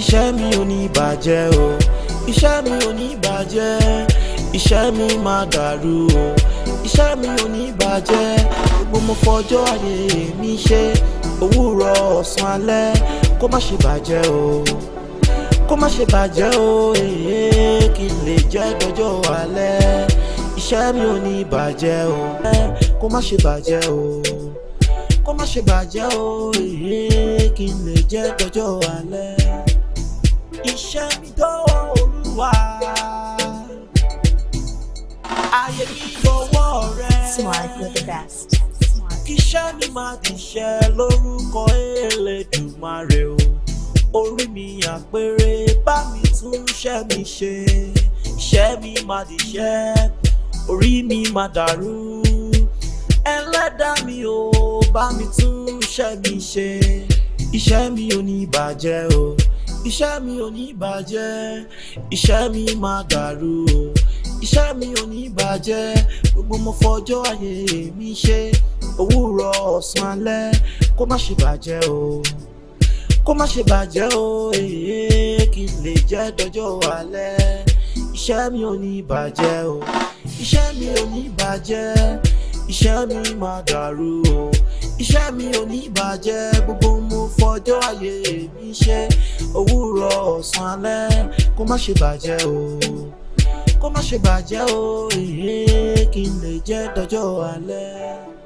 iṣẹ́ mi ò ní bàjẹ́ o iṣẹ́ mi ò ní bàjẹ́ iṣẹ́ mi máa dàrú o iṣẹ́ mi ò ní bàjẹ́ gbogbo mo fọjọ́ ayé mi ṣe òwúrọ̀ ọ̀sán alẹ́ kó má ṣe bàjẹ́ o kó má ṣe bàjẹ́ o èyí kí lè jẹ́ dọjọ́ alẹ́ iṣẹ́ mi ò ní bàjẹ́ o kó má ṣe bàjẹ́ o kó má ṣe bàjẹ́ o èyí kí lè jẹ́ dọjọ́ alẹ́ iṣẹ́ mi dọ́wọ́ olúwa ayé mi dọ́wọ́ rẹ iṣẹ́ mi máa ti ṣe lórúkọ Elédùmarè o orí mi àpèrè bá mi tún ṣẹ́ mi ṣe ṣẹ́ mi máa ti ṣe orí mi máa dàrú ẹlẹ́dàá mi ò bá mi tún ṣẹ́ mi ṣe iṣẹ́ mi ò ní bàjẹ́ o iṣẹ́ mi ò ní bàjẹ́ iṣẹ́ mi máa dàrú o iṣẹ́ mi ò ní bàjẹ́ gbogbo mo fọjọ́ ayé mi ṣe òwúrọ̀ ọ̀sán alẹ́ kó má ṣe bàjẹ́ o kó má ṣe bàjẹ́ o èyí kì í lè jẹ́ dọjọ́ alẹ́ iṣẹ́ mi ò ní bàjẹ́ o iṣẹ́ mi ò ní bàjẹ́ iṣẹ́ mi máa dàrú o iṣẹ́ mi ò ní bàjẹ́ gbogbo mo fọjọ́ ayé mi ṣe òwúrọ̀ ọ̀sán alẹ́ kó má ṣe bàjẹ́ o kó má ṣe bàjẹ́ o èyí kí n lè jẹ́ dọjọ́ alẹ́.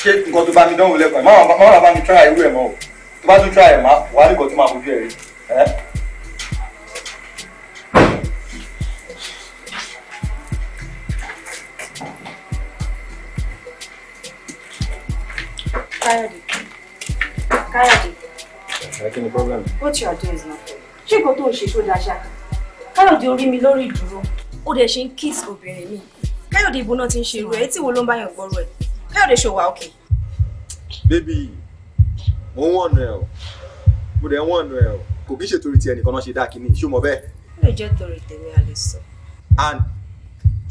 ṣé nǹkan tó bá mi dánwò lẹ́kọ̀ọ́ máa máa máa bá mi try irú ẹ̀ mọ́ o tó bá tún try má wàá nìkan tó máa fojú ẹ̀ rí Káyọ̀dé Káyọ̀dé. Kí ni problem? What you are doing is not fair. Ṣé nǹkan tó ń ṣe ṣó dáṣá? Káyọ̀dé orí mi lórí ìdúró. Ó dẹ̀ ṣe ń kiss obìnrin mi. Káyọ̀dé ìbò náà ti ń ṣe irú ẹ̀ tí wo ló ń bá yàn gbọ́rọ̀ ẹ̀? Káyọ̀dé ṣòwà òkè bébì mò ń wọ̀nà ẹ̀ o mo dẹ̀ ń wọ̀nà ẹ̀ o kò kí ṣètò ìtì ẹnìkan náà ṣe dá kínní ṣó mọ bẹ́ẹ̀. ó lè jẹ́ torí tèmi a lè sọ. and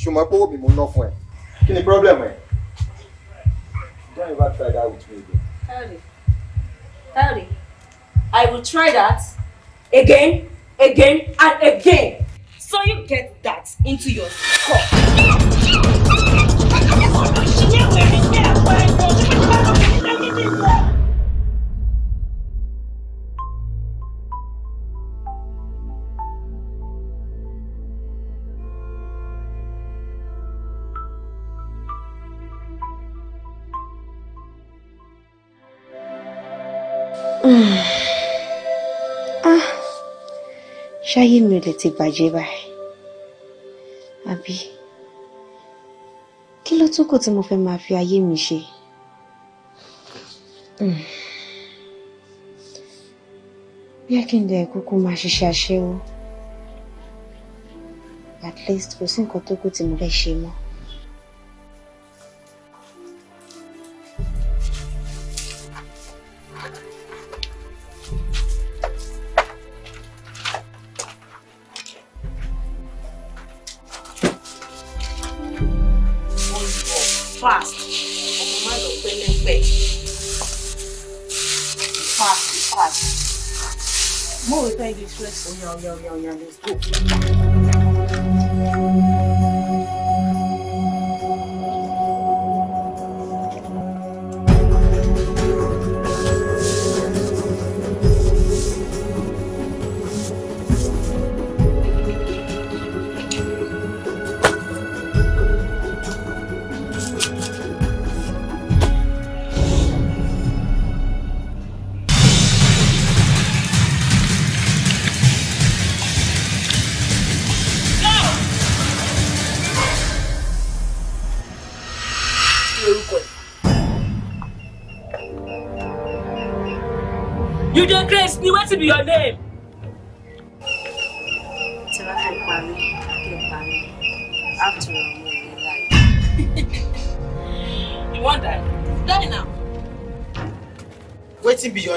ṣùgbọ́n pé òbí mo ń ná fún ẹ kí ni problem ẹ. don't ever try that with me again. Tari Tari I will try that again again and again so you get that into your skull. ṣáyé mi ò lè ti bàjẹ́ báyìí àbí kí ló tún kù tí mo fẹ́ máa fi ayé mi ṣe. bí a kì í dẹ̀ kúkú máa ṣiṣẹ́ aṣẹ́wó at least kò sí nǹkan tó kù tí mo fẹ́ ṣe mọ́. fast ọmọ má lọ pẹ́ lẹ́pẹ́ fast fast. mo rí pé english rẹ̀ sọ yà ọ̀yà ọ̀yà ọ̀yà let's go.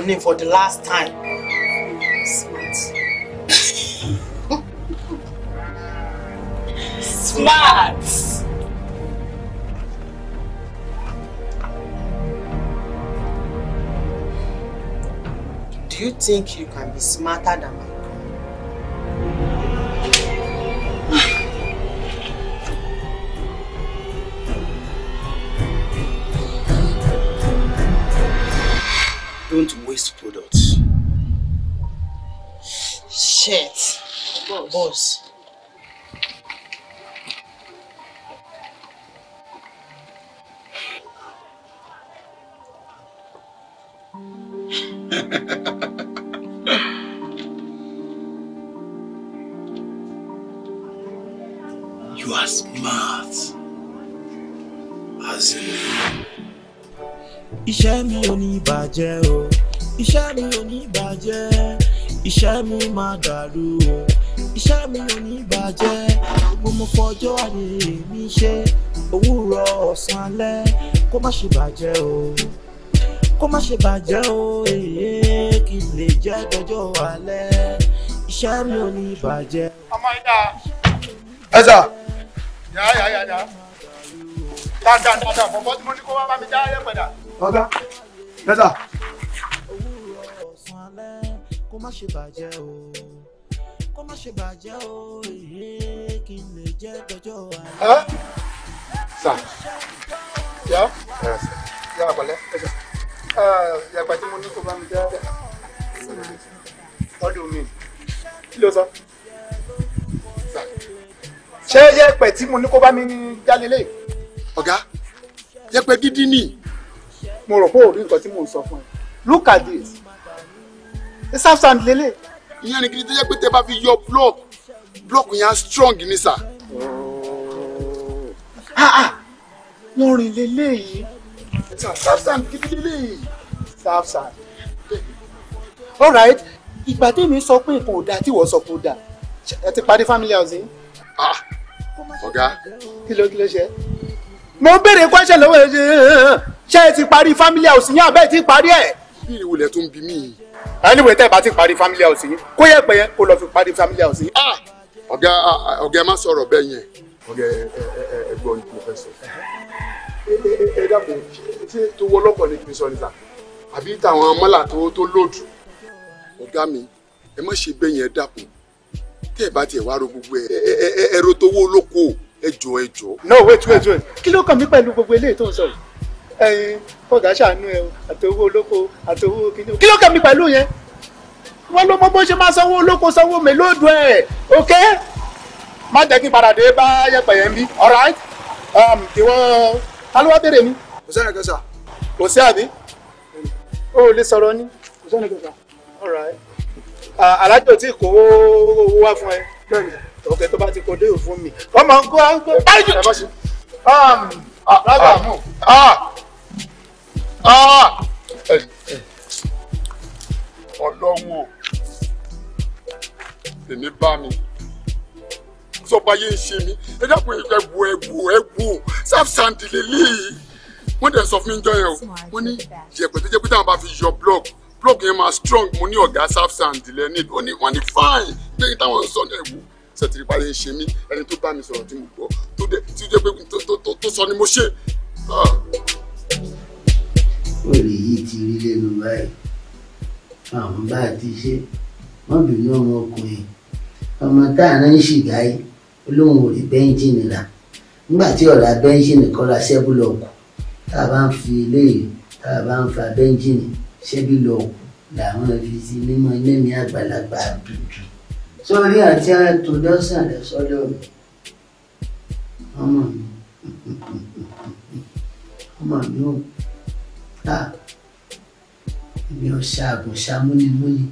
your name for the last time. Smart. Smart. Do you think you can be smarter than me? you are smart. As in. Iṣẹ́ mi ò ní bàjẹ́ o, iṣẹ́ mi ò ní bàjẹ́, iṣẹ́ mi máa dàrú o, iṣẹ́ mi ò ní bàjẹ́, gbogbo mo fọjọ́ àyè mi ṣe, òwúrọ̀ ọ̀sán alẹ́, kó má ṣe bàjẹ́ o kó má ṣe bàjẹ́ o èyí kì í lè jẹ́ dọjọ́ alẹ́ iṣẹ́ mi ò ní bàjẹ́. ọmọ ìdá ẹ sà yà yà yà dá dáadáa dáadáa bọ̀bọ̀ tí mo ní kó wá bá mi dá ayé padà. ọ̀gá ẹ sà. kó má ṣe bàjẹ́ o kó má ṣe bàjẹ́ o èyí kì lè jẹ́ dọjọ́ alẹ́. sà yà yà balẹ̀ ẹ Ah, yàgbà tí mo ní kó bá mi dáadáa ọdún mi kí ló sọ ṣé yẹ̀pẹ̀ tí mo ní kó bá mi jáde lé. ọ̀gá yẹ̀pẹ̀ dídí ni. mo rò pé ò rí nǹkan tí mò sọ fún ẹ look at this ẹ sáfsàn lélẹ̀. ìyẹn ni kiri tó yẹ pé tẹ bá fi yọ block block yẹn strong ni sà. wọ́n oh. ah, ah. rìn lélẹ̀ yìí. Stafsan kìdìdìlì. Stafsan. All right, ìgbà tèmi sọ pé nǹkan ò dáa tí ìwọ sọ pé ó dáa. Ẹ ti parí family house Ah. Ọ̀gá. Kí ló kí ló ṣe? Mo béèrè question lọ́wọ́ ẹ̀ ṣe é ti parí family house yín àbẹ́ ti parí ẹ̀. Bí ìwúlẹ̀ tó ń bi mí Anyway, tẹ́ ẹ bá ti parí family house yín, kó yẹ pé yẹn kó lọ fi parí family house Ah. Ọ̀gá ah, ọ̀gá ẹ má sọ̀rọ̀ bẹ́ẹ̀ yẹn. Ọ̀gá ẹ ẹ ẹ gbọ́ ní fẹ́ sọ ẹ dàpọ̀ ṣé tó wọ ọlọ́pàá ní kí n sọ ní sà àbí tàwọn amọ́là tó lòdù ọ̀gá mi ẹ má ṣe bẹ́ẹ̀ yẹn dàpọ̀ tẹ́ ẹ bá tiẹ̀ wá ro gbogbo ẹ ẹ ẹrọ tó wó lóko ẹ jọ ẹ jọ. no wait wait wait ah. kí ló kàn mí pẹ̀lú gbogbo eléyìí tó ń sọ ẹyin fọgà ṣàánú ẹ àtọwọ́ olóko àtọwọ́ kìnìún kí ló kàn mí pẹ̀lú yẹn wọ́n ló mọ bó ṣe máa sanwó olóko sanwó mélòdù ẹ̀ ok má jẹ́ kí n padà dé bá yẹpẹ̀ yẹn bí all right um, ìwọ. Um, ta ló wá béèrè mi. kò sẹ́ni kẹsà. kò sí àbí. o ò lè sọ̀rọ̀ ni. kò sẹ́ni kẹsà. alájọ tí kò owó wá fún ẹ. ọkẹ tó bá ti kó déyò fún mi. ọmọ nǹkó á ń gbé. báyìí jù. rábà mú. ọlọ́wọ́ èmi bá mi sọ báyé ń ṣe mi ẹ dákun ẹ wò ẹ wò ẹ wò sáfsàǹdì lélẹ́yìí wọ́n dẹ̀ sọ fún mi jọ yẹn o wọ́n ní bá fi yọ block block yẹn máa strong mo ní ọ̀gá sáfsàǹdì lẹ́ni wọ́n ní wọ́n ní fine pé táwọn sọ náà wò sẹ̀tìrì báyé ṣe mí ẹni tó bá mi sọ̀rọ̀ tí mo gbọ́ tó dẹ̀ tí ó pé tó sọ ni mo ṣe. olè ah. yìí ti rí lẹ́nu báyìí àwọn bá a ti ṣe wọ́n bínú ọmọkùnrin ọmọ táà náà ń ṣìgá yìí olóhùn ò rí bẹ́ńjìnì rà nígbà tí ọ̀rá bẹ́ńjìnì kọ́ra ṣẹ́bùlọ̀kù tá a bá ń fi eléyìí tá a bá ń fa bẹ́ńjìnì ṣẹ́bùlọ̀kù làwọn fi ti mímọ́ ilé mi àgbàlagbà dùdù sórí àti àtòdọ́sàn rẹ̀ sọ́dọ̀ mi ọmọ mi ọmọ mi ò ta èmi ò ṣaàgùn ṣamúnimúni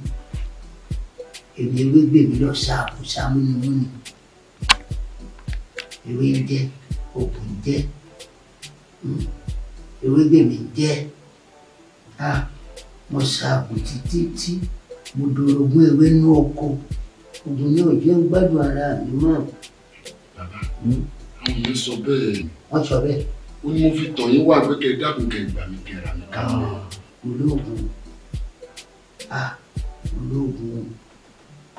èmi ewé gbèmí lọ ṣaàgùn ṣamúnimúni ewé ń jẹ́ okùn ń jẹ́ hmm, ewébèmí ń jẹ́ mo ṣàbò títí tí mo dorogún ewé nú oko ogun ní òjò ń gbádùn ara mi mọ́. bàbá àwọn mi sọ bẹ́ẹ̀. wọ́n sọ bẹ́ẹ̀. ó ní mo fi tọ̀ yín wá pé kẹ́ ẹ dákun kẹ́ ẹ gbà mí kẹ́ ẹ rà mí ká mọ́. olóògùn ah, olóògùn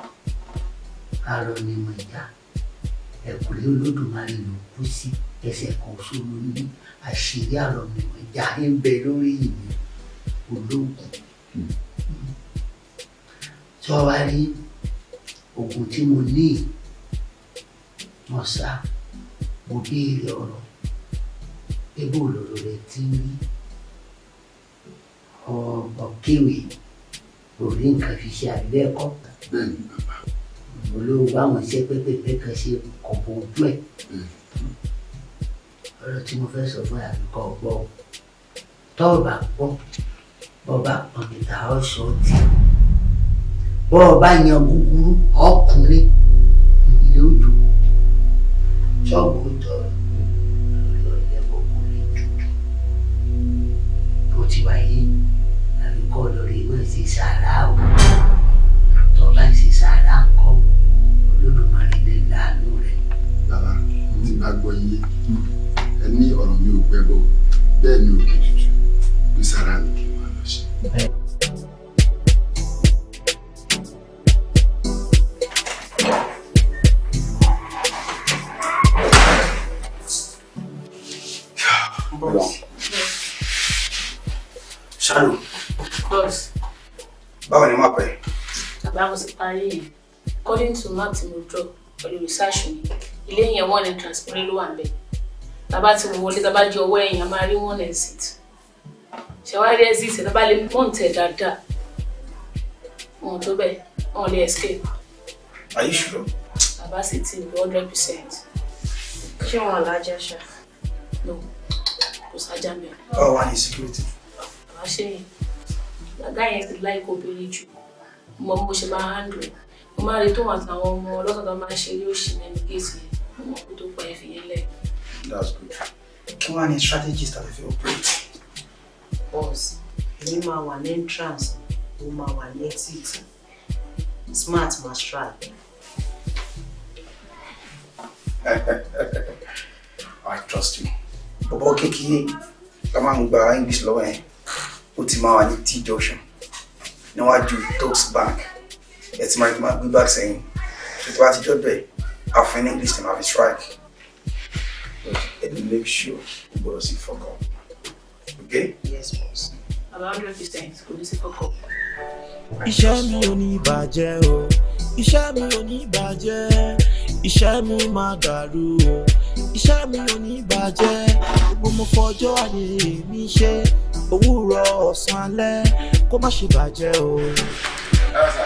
ah, arọ ni mo Ja ẹ̀kúnlé olódùmarè ló kú sí ẹsẹ̀ kan ṣoṣo ní àṣírí àrọ̀mìwọ̀n ìjà ń bẹ lórí ìní ológun tí wọ́n wá rí oògùn tí mo ní wọ́n sá mo béèrè ọ̀rọ̀ ebó lọ̀rọ̀ rẹ̀ ti ń rí ọ̀kẹ́wì orí nǹkan fi ṣe àbẹ́ẹ̀kọ́ olówó báwọn iṣẹ́ pépèpé kan ṣe kò bó ojú ẹ̀ hmm. ọ̀rọ̀ tí mo fẹ́ sọ fún ẹ̀ àbíkọ́ gbọ́ tọ́ọ̀bà gbọ́ bọ́ọ̀bà pọ̀nìtà ọ̀ṣọ́ ti bọ́ọ̀bà yan gúgúrú ọkùnrin ilé òjò ṣọ́ọ̀bù tọ̀rọ̀ lọ́ọ́ yẹ kó kó lè tutù bó ti wáyé àbíkọ́ lórí ìwé ti sàrà o tọ́ọ̀bà ti sàrà o láàánú rẹ̀. bàbá tí bá gbọ́ iye ẹ ní ọ̀rọ̀ mi ò gbẹ́gbọ́ bẹ́ẹ̀ ni òkè tútù bí sára mi kì í máa lọ sí. Ṣáàlù. Boss. Báwo ni wọ́n pẹ̀? According to Mark tí pẹ̀lú rìsáàṣù mi ilé yẹn wọ́n ní transparent ló wà ń bẹ̀ tàbá ti wọlé tàbá di ọwọ́ ẹ̀yìn a máa rí one exit ṣẹ̀wárí exit tàbá lè mọ̀ǹtẹ̀ dáadáa wọn tó bẹ́ẹ̀ wọn lè escape. Are you sure? bàbá sì ti lò hundred percent. ṣé wọn alájà ṣá. no kò sájà mi. ọ wà ní security. bàbá ṣe yẹn bàbá yẹn ti láì kó obìnrin jù mọ bó ṣe máa handle mo máa rí tóun àtàwọn ọmọ ọlọ́sàn máa ń ṣe eré òṣì lẹ́nu géètì ọmọ kó tó pa ẹ̀fìn lẹ̀. that's good. kí wọ́n á ní strategist àti fẹ́ operate. boss èmi máa wà ní entrance mo máa wà ní exit smart ma strike. I trust you. Bọ̀bọ̀ kékeré ká máa ń gba English lọ́wọ́ yẹn. Ó ti máa wà ní T junction níwájú Tox Bank. It's my my rí tó máa gbé báàgì sẹ́yìn tó tó bá english team. máa fi strike ẹ ní make sure o gbọ́dọ̀ sí fọkọ Okay? yes boss about hundred percent kò ní sí fọkọ. iṣẹ́ mi ò ní bàjẹ́ o iṣẹ́ mi ò ní bàjẹ́ iṣẹ́ mi máa dàrú o iṣẹ́ mi ò ní bàjẹ́ mo fọjọ́ àyè mi ṣe òwúrọ̀ ọ̀sán alẹ́ kó má ṣe bàjẹ́ o. ẹ ẹ sà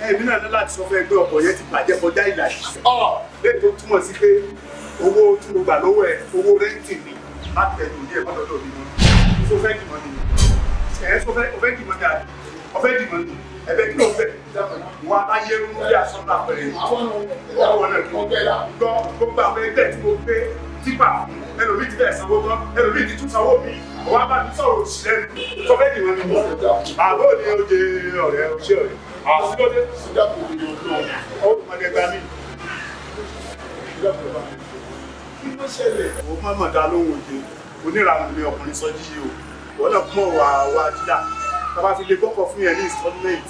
èmi náà ní láti sọ fún ẹ pé ọkọ̀ yẹn ti bàjẹ́ kọjá ìlàjì. ọ lẹ́yìn tó túmọ̀ sí pé owó tí mo gbà lọ́wọ́ ẹ owó rẹ́ǹtì ni má tẹ̀lé òní ẹ̀ mọ́tọ́tọ́ mi mọ́ ní sọ fẹ́ dìmọ́ ni ẹ̀ sọ fẹ́ ọfẹ́ dìmọ́ ni àbí ọfẹ́ dìmọ́ ni ẹ̀bẹ̀ kí ló fẹ́ wọn aláyé ń bí asọ́nà pẹ̀lẹ́ ọwọ́ náà gbọ́ gbogbo àwọn ẹgbẹ́ tí mo gbé tipa ẹlòmíì ti bẹ̀rẹ̀ sanwó tán ẹlòmíì ti tún sanwó mi wọn bá mi sọ̀rọ̀ òṣìṣẹ́ mi sọ fẹ́ dìmọ́ ni àbọ̀ ni ó ọ̀rẹ́ ọ̀ṣẹ́ ọ̀rẹ́ àsílódé ṣúgà kò lè yọjọ ọwọ́ ìmọ̀lẹ́ gbà mí ṣúgà kò bá mi kí ni ọkùnrin sọjí yìí o wọ́n náà mọ̀ wá wá dídà bàbá fi lè gbọ́kọ̀ fún yẹn ní installment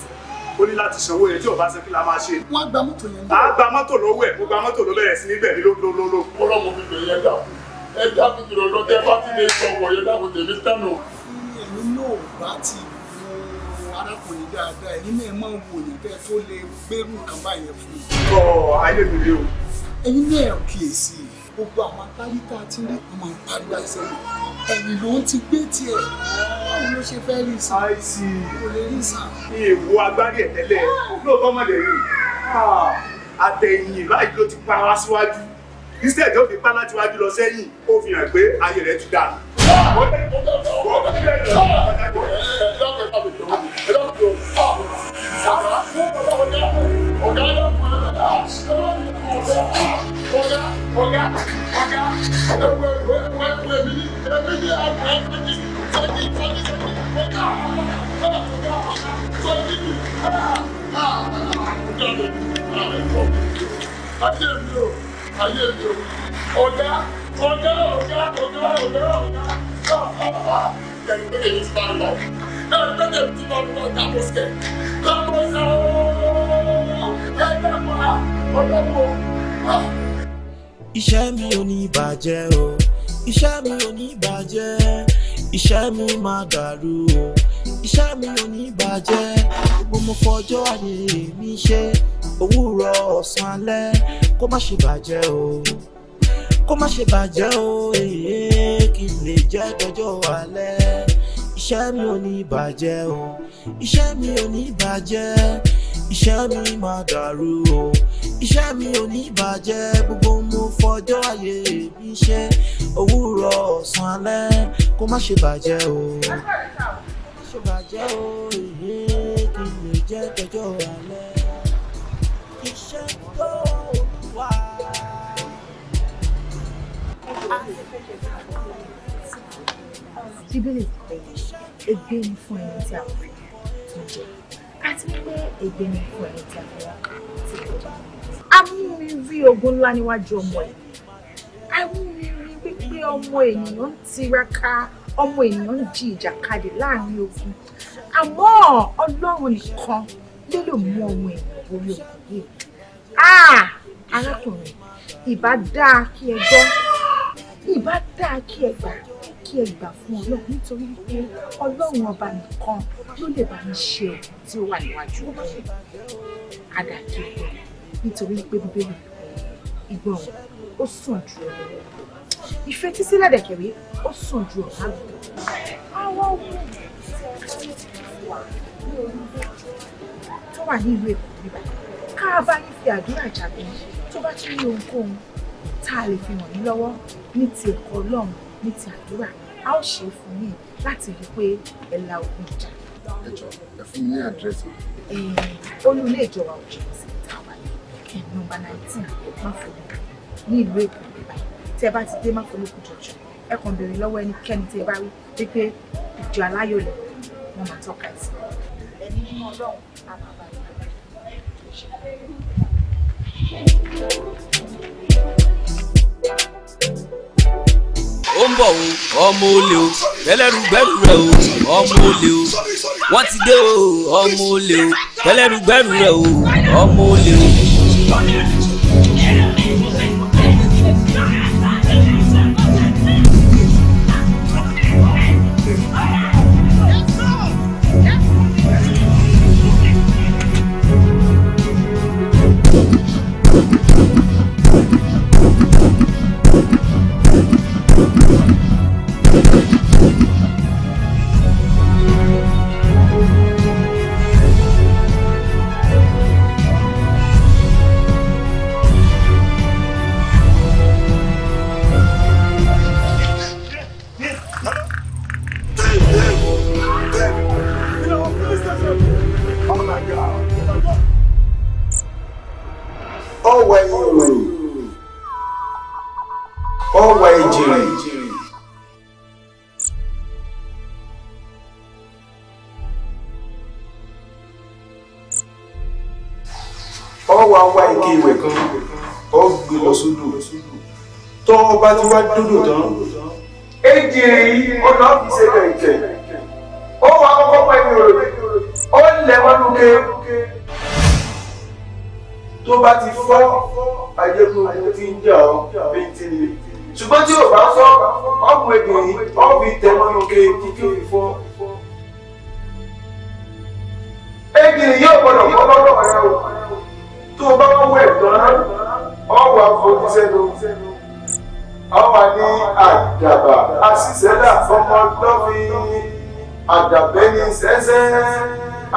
ó ní láti sanwó yẹn tí ò bá ṣe kí la máa ṣe. wọ́n gba mọ́tò yẹn. a gba mọ́tò lọ́wọ́ ẹ̀ mo gba mọ́tò ló bẹ̀rẹ̀ sí níbẹ̀ ní lólóló. ọlọ́mọ mi lè yẹ dà ẹ dá mi jùlọ lọ tẹ bá ti lè sọ wọ̀nyẹ dáàbò tèmi tánù. èmi náà bá ti wò yín dáadáa ẹ̀yin náà máa wò yín bẹ́ẹ̀ tó lè gbérù nǹkan báyẹn fún yín. ọ ayé mi lé o. ẹ̀yin náà I gbogbo àwọn akáríta tí ń rí wọn máa ń pariwo ẹsẹ̀ mi ẹ̀yìn ló ń ti gbé tiẹ̀ báwo ló ṣe fẹ́ rí sàn. àìsí kò lè rí sàn. èèwọ̀ agbárí ẹ̀ tẹ́lẹ̀ lóòótọ́ mọ̀lẹ́rì ah, àtẹ̀yìn báyìí ló ti para síwájú instead ó fi pa láti wájú lọ sẹ́yìn ó fi hàn pé ayé rẹ̀ ti dà. Thank you ayé mi o ọ̀gá ọ̀gá ọ̀gá ọ̀gá ọ̀gá ọ̀gá ah, ah, ah. ẹ̀rù pé èyí ti máa ń lọ ẹ̀rù pé èyí ti máa ń lọ ọ̀gá mo sẹ̀ lọ́mọ sọ ẹ̀dá pa ọlọ́mọ. iṣẹ́ mi ò ní bàjẹ́ o iṣẹ́ mi ò ní bàjẹ́ iṣẹ́ mi máa dàrú o iṣẹ́ mi ò ní bàjẹ́ gbogbo mo fọjọ́ àyè mi ṣe òwúrọ̀ ọ̀sán alẹ́ kó má ṣe bàjẹ́ o kó má ṣe bàjẹ́ o èyí kì í lè jẹ́ dọjọ́ alẹ́ iṣẹ́ mi ò ní bàjẹ́ o iṣẹ́ mi ò ní bàjẹ́ iṣẹ́ mi máa dàrú o iṣẹ́ mi ò ní bàjẹ́ gbogbo mo fọjọ́ ayé mi ṣe òwúrọ̀ ọ̀sán alẹ́ kó má ṣe bàjẹ́ o ṣe o èyí kì í lè jẹ́ dọjọ́ alẹ́ iṣẹ́ tó. Jíbílì, ègbé ni fún ẹni tí a fẹ́ tó jẹ. Àti wípé ègbé ni fún ẹni tí a fẹ́ wá tí kò jẹ. A mú mi rí ogun ńlá níwájú ọmọ ẹ̀. A mú mi rí wípé ọmọ ènìyàn ń tiraka, ọmọ ènìyàn ń jí ìjàkadì láàrin ogun. Àmọ́ Ọlọ́run nìkan ló lè mú ọmọ ènìyàn borí ogun yìí. Ah! Arákùnrin, ìbá dáa kí ẹ gbọ́ ìbá dáa kí ẹ gbà kí ẹ gbà fún ọlọ́run nítorí pé ọlọ́run ọba nìkan ló lè bá mi ṣe ọ̀hún tí ó wà níwájú àdàkì nítorí pé bíbélì ìgbọ̀n ó sàn jù ọ̀rọ̀ ìfẹ́ tí sílẹ̀ dẹ̀kẹ̀rí ó sàn ju ọ̀rá lọ. àwọn ohun tó wà ní ìlú èkó bíbá ká bá yín fi àdúrà jagun tó bá tún ní ohunkóhun tá a lè fi hàn yín lọ́wọ́ ní ti ẹ̀kọ́ ọlọ́run ní ti àdúrà a ó ṣe fún yín láti rí pé ẹ la ogun ìjà. ẹ jọ ẹ fún mi ní àdírẹ́sì. olú ilé ìjọba òjò sí ìta wà ní kẹ́hìn nineteen máfòlókù ní ìlú èkó báyìí tí ẹ bá ti dé máfòlókù jọjọ ẹ kàn béèrè lọ́wọ́ ẹnikẹ́ni tí ẹ bá rí pé pé ìjọ aláyọ̀ lẹ̀ wọ́n máa tọ́ka ẹ̀ sí. ẹni nínú ọlọ́run á máa bá yín. Thank you. ń bọ̀ o ọmọ olè o tẹ́lẹ̀rú gbẹ́rù rẹ̀ o ọmọ olè o wọ́n ti dé o ọmọ olè o tẹ́lẹ̀rú gbẹ́rù o ọmọ olè o. bá ti wá dúdú tán. èjì èyí ó lọ fi ṣe kẹ̀kẹ́ ó wà kọ́kọ́ pẹ́ ní òòlù ó lẹ̀ wọ́n lókè tó bá ti fọ́ ajẹ́kùnrin tí ń jà ọ́ bíntín ni ṣùgbọ́n tí ò bá fọ́ ọ̀pọ̀ ègbìnrin ọ̀bì tẹ̀wọ́n lókè kíkì fọ́. ègbìnrin yóò gbọ́dọ̀ fọ́ lọ́dọ̀ rẹ o tó o bá kówó ẹ̀ tán ọ̀wà fojú sẹ́nu àwa ní àdàbà àṣìṣẹ́dà ọmọ lọ́fin àdàbẹ́ ní sẹ́sẹ́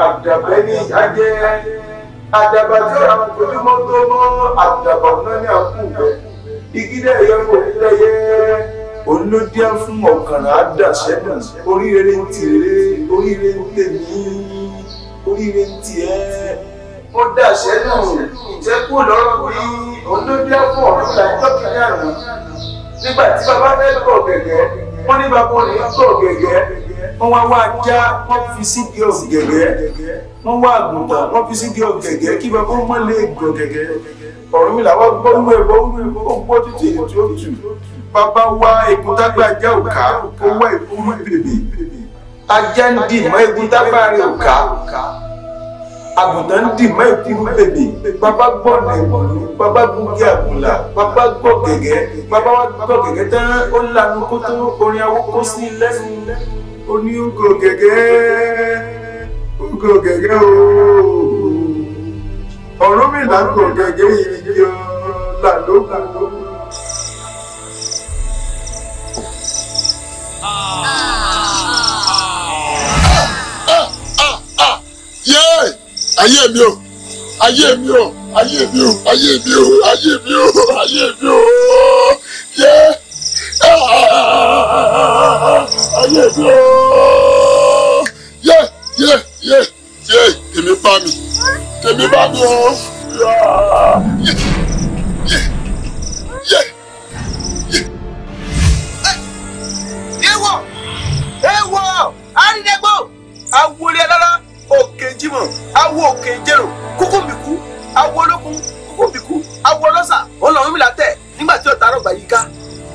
àdàbẹ́ ní ìyájẹ́ àdàbà tí ọ̀rọ̀ àwọn ojúmọ́ tó mọ́ àdàbà ọ̀nà ní àkú rẹ̀ ìgídẹ̀ ẹ̀yẹ kò ní lẹ́yẹ òun ló díẹ̀ fún ọ̀kànrà àdàṣẹ́dà oríire ń tèrè oríire ń tèmí oríire ń tiẹ̀ ó dàṣẹ́ náà ìjẹ́kù lọ́rọ̀ bí òun fún ọ̀rọ̀ ìlànà ìjọba nígbà tí bàbá fẹ́ tọ̀ gẹ̀gẹ́ wọ́n ní bàbá òní tọ̀ gẹ̀gẹ́ wọ́n wá wá já wọ́n fi síbi ọ̀gẹ̀gẹ́ wọ́n wá àgùntàn wọ́n fi síbi ọ̀gẹ̀gẹ́ kí bàbá wọn lè gbọ̀ gẹ̀gẹ́ Ọ̀rúnmìlà wọ́n gbọ́ inú ẹ̀ bọ́ inú ẹ̀ gbọ́ títí tí ó tù bàbá wa ègún tágbà já òkà owó ègún bèbè ajá ń dì mọ́ ègún tágbà rẹ̀ òkà àgùntàn ń dì mọ́ ìkú bèbè bàbá gbọ́dọ̀ ìwòlú bàbá gúngi àgùnlà bàbá gbọ́ gẹ̀gẹ́ bàbá wa gbọ́ gẹ̀gẹ́ tán ó lanu kó tó orin awó sí lẹ́nu ó ní ugo gẹ̀gẹ́ ugo gẹ̀gẹ́ o ọ̀rọ̀ mi là ń gò gẹ̀gẹ́ yìí yọ làlókù. Ah. ayé mi o ayé mi o ayé mi o ayé mi o ayé mi o ayé mi o yẹ ayé mi o yẹ yẹ yẹ yẹ tèmi bá mi tèmi bá mi o. mọ̀ awo òkè jèrò kúkú bìkú awo olókun kúkú bìkú awo ọlọ́sà ọlọ́run mi là tẹ̀ nígbà tí ọ̀tá àrọ̀gbà yìí ká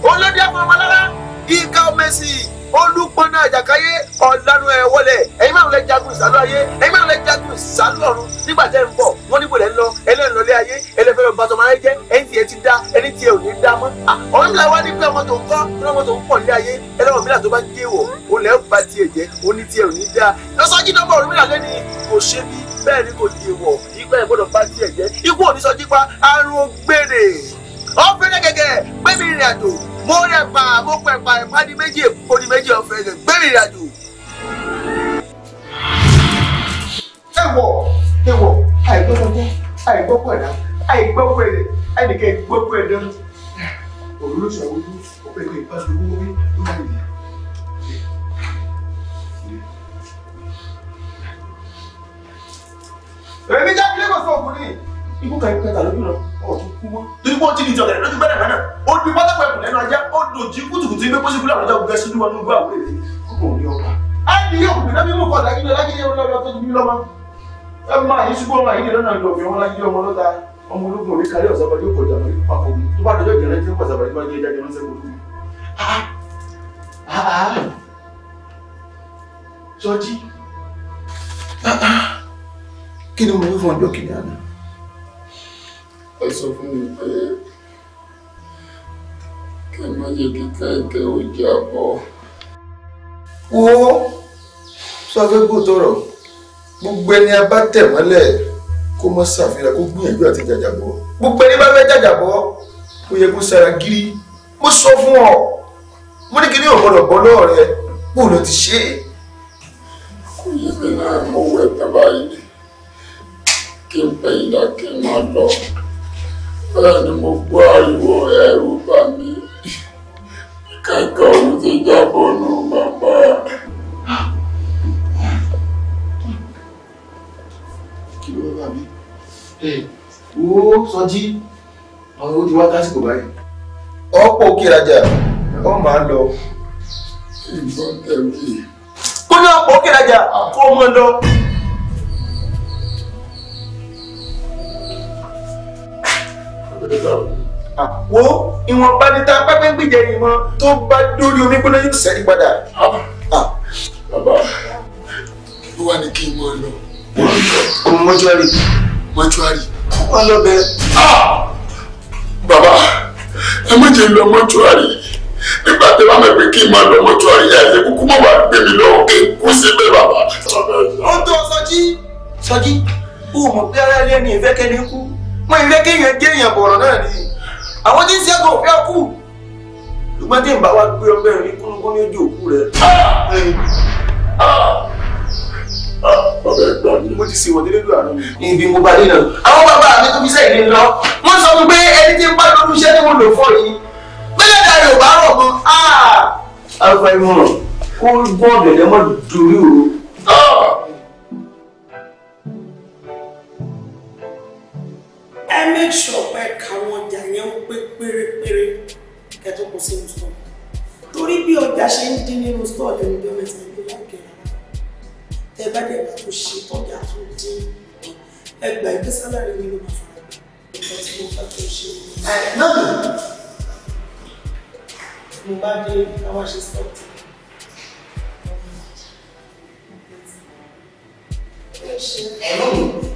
olódì àfọwọ́mọlára yìí ká ọmọ ẹ̀sìn olùpọ̀nà àjàkáyé ọ̀lànà ẹ̀ wọlé ẹ̀yin máa ń lẹ jagun ìsálú ayé ẹ̀yin máa ń lẹ jagun ìsálú ọ̀run nígbà tẹ́ ń bọ̀ wọ́n níbo lẹ́ ń lọ ẹlẹ́yìn lọ́lé ayé ẹlẹ́fẹ́ lọ bàtọ́ máa ń jẹ́ ẹ̀yin tiẹ̀ ti dá ẹni tiẹ̀ ò ní dá mọ́. ọ̀rọ̀ mi là wá ní pé ọmọ tó ń kọ́ ọmọ tó ń pọ̀ ní ayé ẹlẹ́wọ̀n mìíràn tó bá ń gé wọ̀ ó lẹ́ ba tiẹ̀ jẹ́ ó ní tiẹ̀ ò ní dá lọ́sọ́jí nọ́mbà ọ̀rọ̀ mìíràn lẹ́ni kò ṣe bí bẹ́ẹ̀ ni kò di wọ̀ ikú ẹ̀ gbọ́dọ̀ bá tiẹ̀ jẹ́ mo rẹ̀ pa mo pẹ̀ pa ìpàdé méjì èkó ni méjì ẹ wọ ẹ wọ àìgbọ́dọ̀gbọ́ àìgbọ́pọ̀ ẹ̀dá àìgbọ́pọ̀ ẹ̀dẹ̀ àìdíkẹ́ ìgbọ́pọ̀ ẹ̀dá òun ló ṣàwọ́ ojú ó pẹ̀lú ìbáṣọ owó wí ló wà nìyẹn. èmi jẹ́ kílé kòsó ògùn ní ikú kan ikú kẹta lójú lọ ọ̀tún kú mọ́. torí pé ó ti di ìjọba ẹ̀ lójú gbẹ́dẹ̀ gbẹ́dẹ̀ ó di pátákó ẹ̀kùn lẹ́nu ajá ó dòjì kùtùkùtù ibi pósí fúlàwọ̀ ọjà ògùn gẹ̀ẹ́sì lúwọ̀ nínú ìgbà òwúrẹ̀ rẹ̀ kókò ní ọba ádìyẹ òkùnkùn náà bí mú kọ̀dà yìí lọ́dà yìí lọ́dà tó ti bí lọ́mọ. ẹ máa yín ṣùgbọ́n máa yín lè lọ́nà ìlọ̀fẹ́ wọn láyé ọmọ lọ́ta ọmọ ológun orí kalẹ́ ọ̀sán bọ́dé kọjá lórí papọ̀ mi tó bá dọjọ́ ìjẹ́rẹ́ tí ó pàṣẹ àbájá jẹ́ jáde ránṣẹ́ wọlé mi. sọjí ah, ah. kí ni mo wí fún ọjọ́ kìnìún àná. ẹ sọ fún mi pé kí n má yẹ kíkà ìkẹ́ òjá bọ̀ wo sọ fẹ́ kó tọrọ gbogbo ẹni a bá tẹ̀ mọ́lẹ̀ kó mọ́ ṣàfihàn kó gbìyànjú àti jàjàbọ̀ gbogbo ẹni bá fẹ́ jàjàbọ̀ kó yẹ kó sara gírí mo sọ fún ọ mo ní kí ni ọ̀gbọ́dọ̀ bọ́ lọ́ọ̀ rẹ kó lọ ti ṣe é. kò yé mi náà mo wẹ̀ tán báyìí kí n pẹ̀yìndà kí n máa lọ bẹ́ẹ̀ ni mo gbọ́ ariwo ẹ̀rù bà mí kẹ̀kẹ́ òun ti jábọ́ nù bàbá. kí Hey, ń Soji, mí. wo sọjí ọ̀rọ̀ ó ti wá tásìkò báyìí. ọ̀pọ̀ òkè rajà ọ̀ máa lọ. ìbọn tẹ̀lé. kó ní Thank you wo ìwọ̀n bá ní ta pápẹ́ gbìjẹ ìmọ̀ tó bá dórí omi gbóná yóò sẹ́ni padà. Ah. bàbá ló wà ní kí n mọ ọ lọ. mọ́túárì. mọ́túárì. wọ́n lọ bẹ. bàbá ẹ má jẹ́ lọ mọ́túárì nígbà tí wọ́n mẹ́pẹ́ kí n máa lọ mọ́túárì ẹ̀ ṣe kúkú mọ́ wàá gbé mi lọ́wọ́ kí n kú síbẹ̀ bàbá. ó ń tọ́ sọjí sọjí ó mọ̀ pé ara ẹni ìfẹ́ kẹ́ni kú mọ ìfẹ́ kéèyàn gé èèyàn bọ̀rọ̀ náà nìyí àwọn tí ń ṣe àgọ́ òfin ọkù ṣùgbọ́n tí ń bá wa gbé ọmọ ẹ̀rín kúnnukún ní ojú òkú rẹ̀. mo ti sèwọ̀n délé lóra lọ. ibi mo bá dé náà. àwọn bàbá mi tó fi sẹ́yìn lé lọ wọ́n sọ fún pé ẹni tí ń bá lọ́dún iṣẹ́ ni mo lò fọ́ yìí bẹ́ẹ̀ dàrí ò bá rọ̀ mọ́. àlùfáà ah! ìmọ̀ràn kó gbọ́n ọ̀dẹ̀dẹ̀ mọ́ dorí òru. ẹ make sure pé káwọn yẹn ó pé pérépéré kẹtó kó sínú stọọ torí bí ọjà ṣe ń dín nínú stọọ lẹnu bí ọmọ ìsìn ìgbé láìpẹ́ rárá tẹ bá dẹ bá kó ṣe tọjà tó dín ẹgbà ìgbé sálárì mi ló máa fara ìgbà tí mo bá tó ṣe. lọ́dọ̀ mo bá dé àwọn àṣẹ stọọ.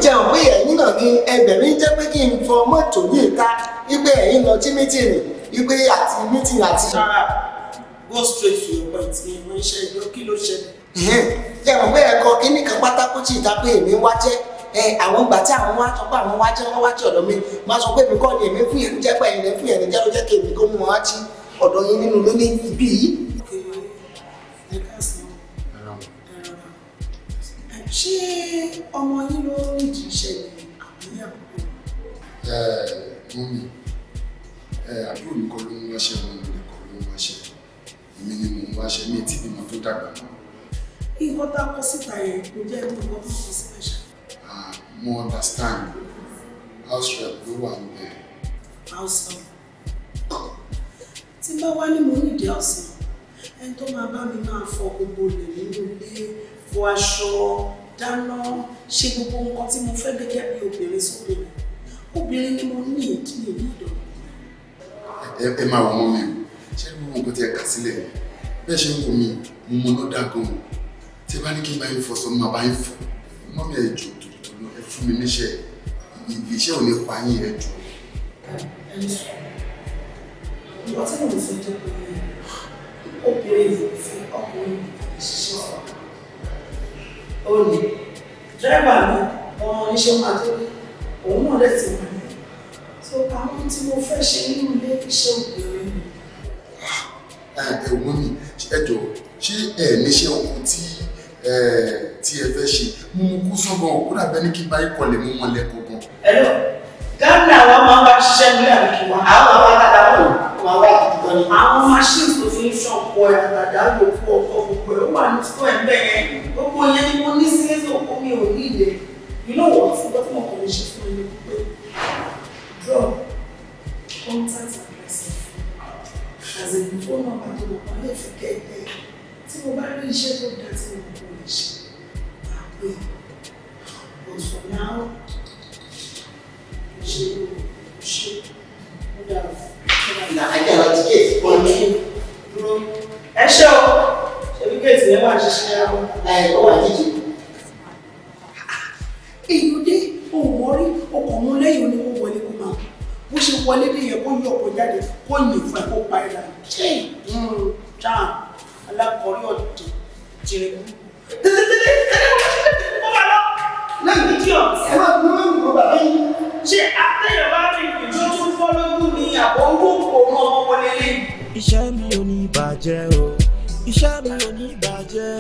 jẹun pé ẹ̀yìn náà ni ẹgbẹ̀rin jẹ́ pé kí n fọ mọ́tò ní ìta wípé ẹ̀yin lọ sí mítìnì wípé àti mítìnì àti. rárá go straight to your point ìmọ̀ iṣẹ́ ìjọ kí ló ṣẹlẹ̀. ṣé àwọn pé ẹ̀kọ́ kínní kan pátákó tí ìta pé èmi wá jẹ́ ẹ àwọn ìgbà tí àwọn wá sọ pé àwọn wá jẹ́ wọ́n wá jẹ́ ọ̀dọ̀ mi máa sọ pé èmi kọ́ ni èmi fún yẹn jẹ́ pé ẹ̀yin fún yẹn jẹ́ ló jẹ́ kí èmi kó mú wọn wá sí ọ̀dọ̀ yín nínú ló ní ibi yìí. ṣé ọmọ yín ló ń jí iṣẹ́ ìyàwó? tóyìn àbúrò mi kọ́ ló ń wáṣẹ́ wọn mi kọ́ ló ń wáṣẹ́ èmi ni mò ń wáṣẹ́ ní etí ìbímọ tó dàgbà mọ́. nǹkan tá a kọ síta yẹn kò jẹ́ nǹkan tó kọ síta ṣá. mo understand house rep ló wà ń house rep tí bá wá ní mo ní ìdí ọ̀sán ẹni tó máa bá mi máa fọ gbogbo ilẹ̀ nínú ilé fọ aṣọ dáná ṣe gbogbo nǹkan tí mo fẹ́ gẹ́gẹ́ bí obìnrin sóbìnrin obìnrin ni mo ní ìdí èyí ìdọ̀. ẹ máa wà mọ́ mi ṣé mo mọ nǹkan tí ẹ kà sílẹ̀ bẹ́ẹ̀ ṣe ń wò mí mo mọ lọ́dà gan-an tí ẹ bá ní kí n bá yín fọ sọ máa bá yín fọ mọ́ mi ẹ jù tòlótòló ẹ fún mi níṣẹ́ iṣẹ́ ò ní pa yín ẹ jù. ìwọ́n tí mo lè sọ jẹ́ pé obìnrin yìí fi ọkùnrin ṣiṣẹ́ sọ̀rọ̀ ó ní dírẹ́bà mi ọmọ oníṣẹ́ máa tó kí òun náà lè ti wà ní so àwọn tí mo fẹ́ ṣe nínú ilé iṣẹ́ obìnrin mi. Ah, ẹ̀wọ̀n mi ẹ̀jọ̀ ṣé ẹ̀ níṣẹ́ ọkùn tí tí ẹ fẹ́ ṣe mú mú kú sọ́gbọ́n òkú dàbẹ́ ní kí n bá lè mú wọn lẹ́kọ̀ọ́ gan. ẹ lọ ghana wa máa wá ṣiṣẹ́ ní àbíkí wa àwọn àwọn àtàdá wò wà wá àtúntò ní. àwọn machine tó fi ń ṣàn pọ̀ ẹ̀ àtàdá lò pọ̀ ọkọ̀ gbogbo ẹ̀ wà ní sọ́ọ̀ ẹ̀ bẹ́ẹ̀ gbogbo yẹn ni mo ní sílẹ̀ tó kọ́ mi ò ní ilẹ̀. You know what? What more can you for Draw. Contact aggressive. As in, before don't know about the woman, don't forget that. Tí mo bá rí iṣẹ́ tó dá tí mo kò lè ṣe, máa But for now, ṣe ṣe ó dára fún mi. Àjẹ́ àti kéèkì kan ní dúró. Ẹ ṣé o, ṣe bí kéèkì yẹn eh, wà ṣiṣẹ́ ara wọn. Ẹ ọ wà jíjìn. ó kàn mú lẹ́yìn oníkó wọlé kó máa bó ṣe wọlé nìyẹn kó yọ ọkọ jáde kó yìn fún ẹ kó pa ẹ dànù ṣé ìdùnnú hmm, ṣáà alákọ̀ọ́rí ọ̀dẹ̀ jìrì mú. ó máa lọ ẹ máa gbọ́ mọ́ ìwọ ṣé àtẹ̀yẹ̀ bá rí ìlú tó fọ́ lógún ni kò mọ ọmọ wọlé lẹ́yìn. iṣẹ́ mi ò ní bàjẹ́ o iṣẹ́ mi ò ní bàjẹ́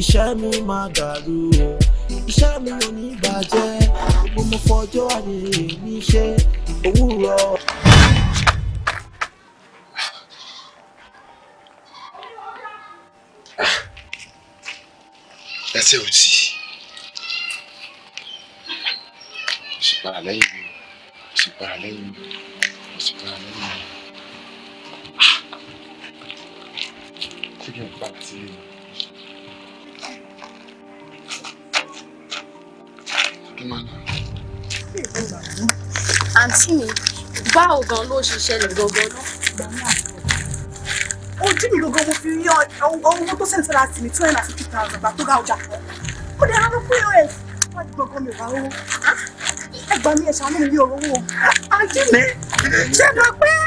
iṣẹ́ mi máa dàrú o iṣẹ́ mi ò ní bàjẹ́ gbogbo mo fọjọ́ ayé mi ṣe òwúrọ̀. ẹsẹ̀ ò tí mo sì para lẹ́yìn mi mo sì para lẹ́yìn mi mo sì para lẹ́yìn mi. Ṣé kí àǹtí mi báwo gan ló ṣe ṣẹlẹ̀ gangan náà. ojú mi gangan mo fi yan owó tó sẹ́ńtì láti mi two hundred and fifty thousand gbà tó ga ọjà kan ó dẹ̀ rán pos wọ́n ti gbọ̀ngàn mi wá owó ẹgbàá mi ẹ̀ṣánú mi ní owó àǹtí mi ṣe mọ̀ pé.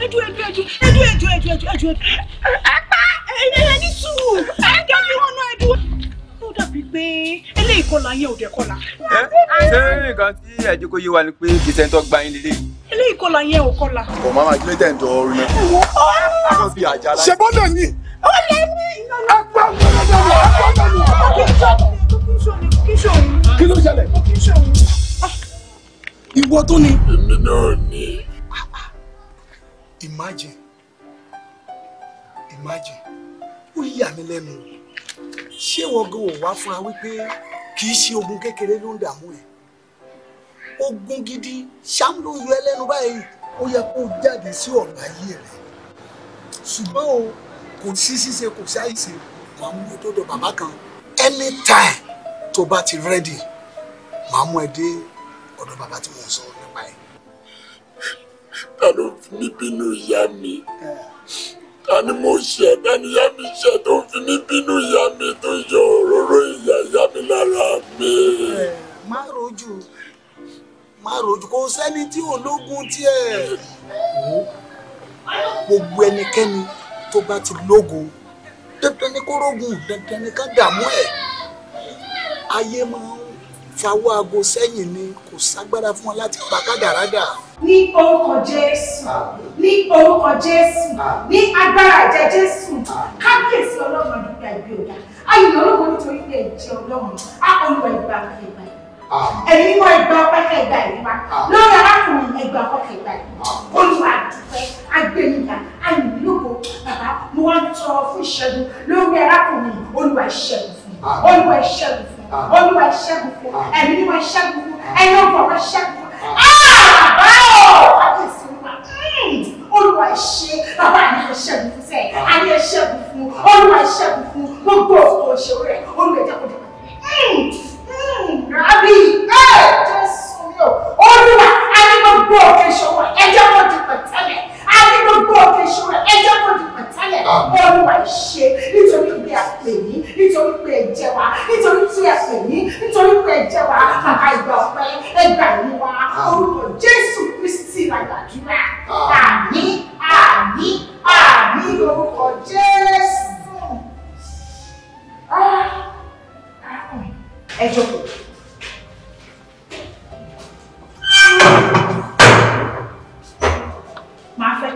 ẹdú ẹdú ẹdú ẹdú ẹdú ẹdú ẹdú ẹdú ẹdú. apá ẹyẹ ẹni sùúrù ẹdú ẹdú ọ̀nà ẹdú. ó dàbí pé eléyìí kọlà yẹn ò dé kọlà. ṣé nǹkan tí ẹjọ́ kò yé wa ni pé kìsẹ́ńtọ́ gba yín lélẹ̀. eléyìí kọlà yẹn ò kọlà. kò má má kílé tẹ̀ǹtọ̀ orin náà. ṣe bọ́dọ̀ ni. ó lè ní. apá kí imagine imagine ó yà mí lẹ́nu ṣé wọ́n gan ò wá fúnra wípé kì í ṣe ogun kékeré ló ń dààmú ẹ̀ ogun gidi ṣáà ló yọ ẹ́ lẹ́nu báyìí ó yẹ kó jáde sí ọ̀nà ayé rẹ̀ ṣùgbọ́n o kò sí ṣíṣe kò sí àìsè màá mú tó dọ̀ bàbá kan anytime tó bá ti rẹ́dì màá mú ẹ dé ọ̀dọ̀ bàbá tí mo sọ ọ́ ta ló fi mí bínú ìyá mi ta ni mo ṣẹ̀ ta ni ìyá mi ṣẹ̀ tó fi mí bínú ìyá mi tó yọ òróró ìyá ìyá mi lára mi. má rojú má rojú kò sẹ́ni tí ológun tiẹ̀ gbogbo ẹnikẹ́ni tó bá ti lógun dandan ni kó rógun dandan ni ká dààmú ẹ̀ ayé máa ń fawọ́ aago sẹ́yìn ni kò ságbára fún wọn láti pa kádàrádà. ní orúkọ jésù ní orúkọ jésù ní agbára ẹ̀jẹ̀ jésù kábíyèsí ọlọ́run àdúgbò àgbẹ̀ ọ̀dà ayọ̀ ọlọ́run nítorí pé ẹ̀jẹ̀ ọlọ́run á olùwà ìgbà ìgbà ẹ̀mí mímọ́ ìgbà ọ̀pẹ́kẹ́ ìgbà ìgbà lórí arákùnrin ìgbà ọ̀pẹ́kẹ́ ìgbà olùwà àdúgbò agbẹ̀yìnká ayọ̀lóko bàbá mo wá ń arákùnrin olùwà ìṣẹ́gun fún olùwà ìṣẹ́gun fún. Ah. olúwa ìṣẹ́gun fún ah. ẹ̀mí mímọ́ ìṣẹ́gun fún ah. ẹ̀yìn ọgbọ̀rọ̀ ìṣẹ́gun fún àbáwọ̀ àkẹ́sì hmm. olúwa olúwa ìṣe bàbá mi ìṣẹ́gun fún sẹ́yìn àní ìṣẹ́gun fún olúwa ìṣẹ́gun fún gbogbo òkò ìṣòro rẹ̀ olúwa ìjẹ́kọ̀ọ́ rábì ẹ̀ jésù mi ò olúwa àní gbogbo òkè ìṣòro ẹ̀jẹ̀ wọn ti pẹ̀tẹ́lẹ̀ a ní gbogbo òkè ìṣòro ẹjọ́ kò di pẹ̀tẹ́lẹ̀ olúwa ìṣe nítorí pé a pè yín nítorí pé ẹ jẹ wá nítorí tí a pè yín nítorí pé ẹ jẹ wá bàbá ìgbà ọpẹ́ ẹgbà yín wá orúkọ jésù kristi làgbàdúrà àmín àmín àmín orúkọ jésù ah, ah, ah. ẹ jókòó.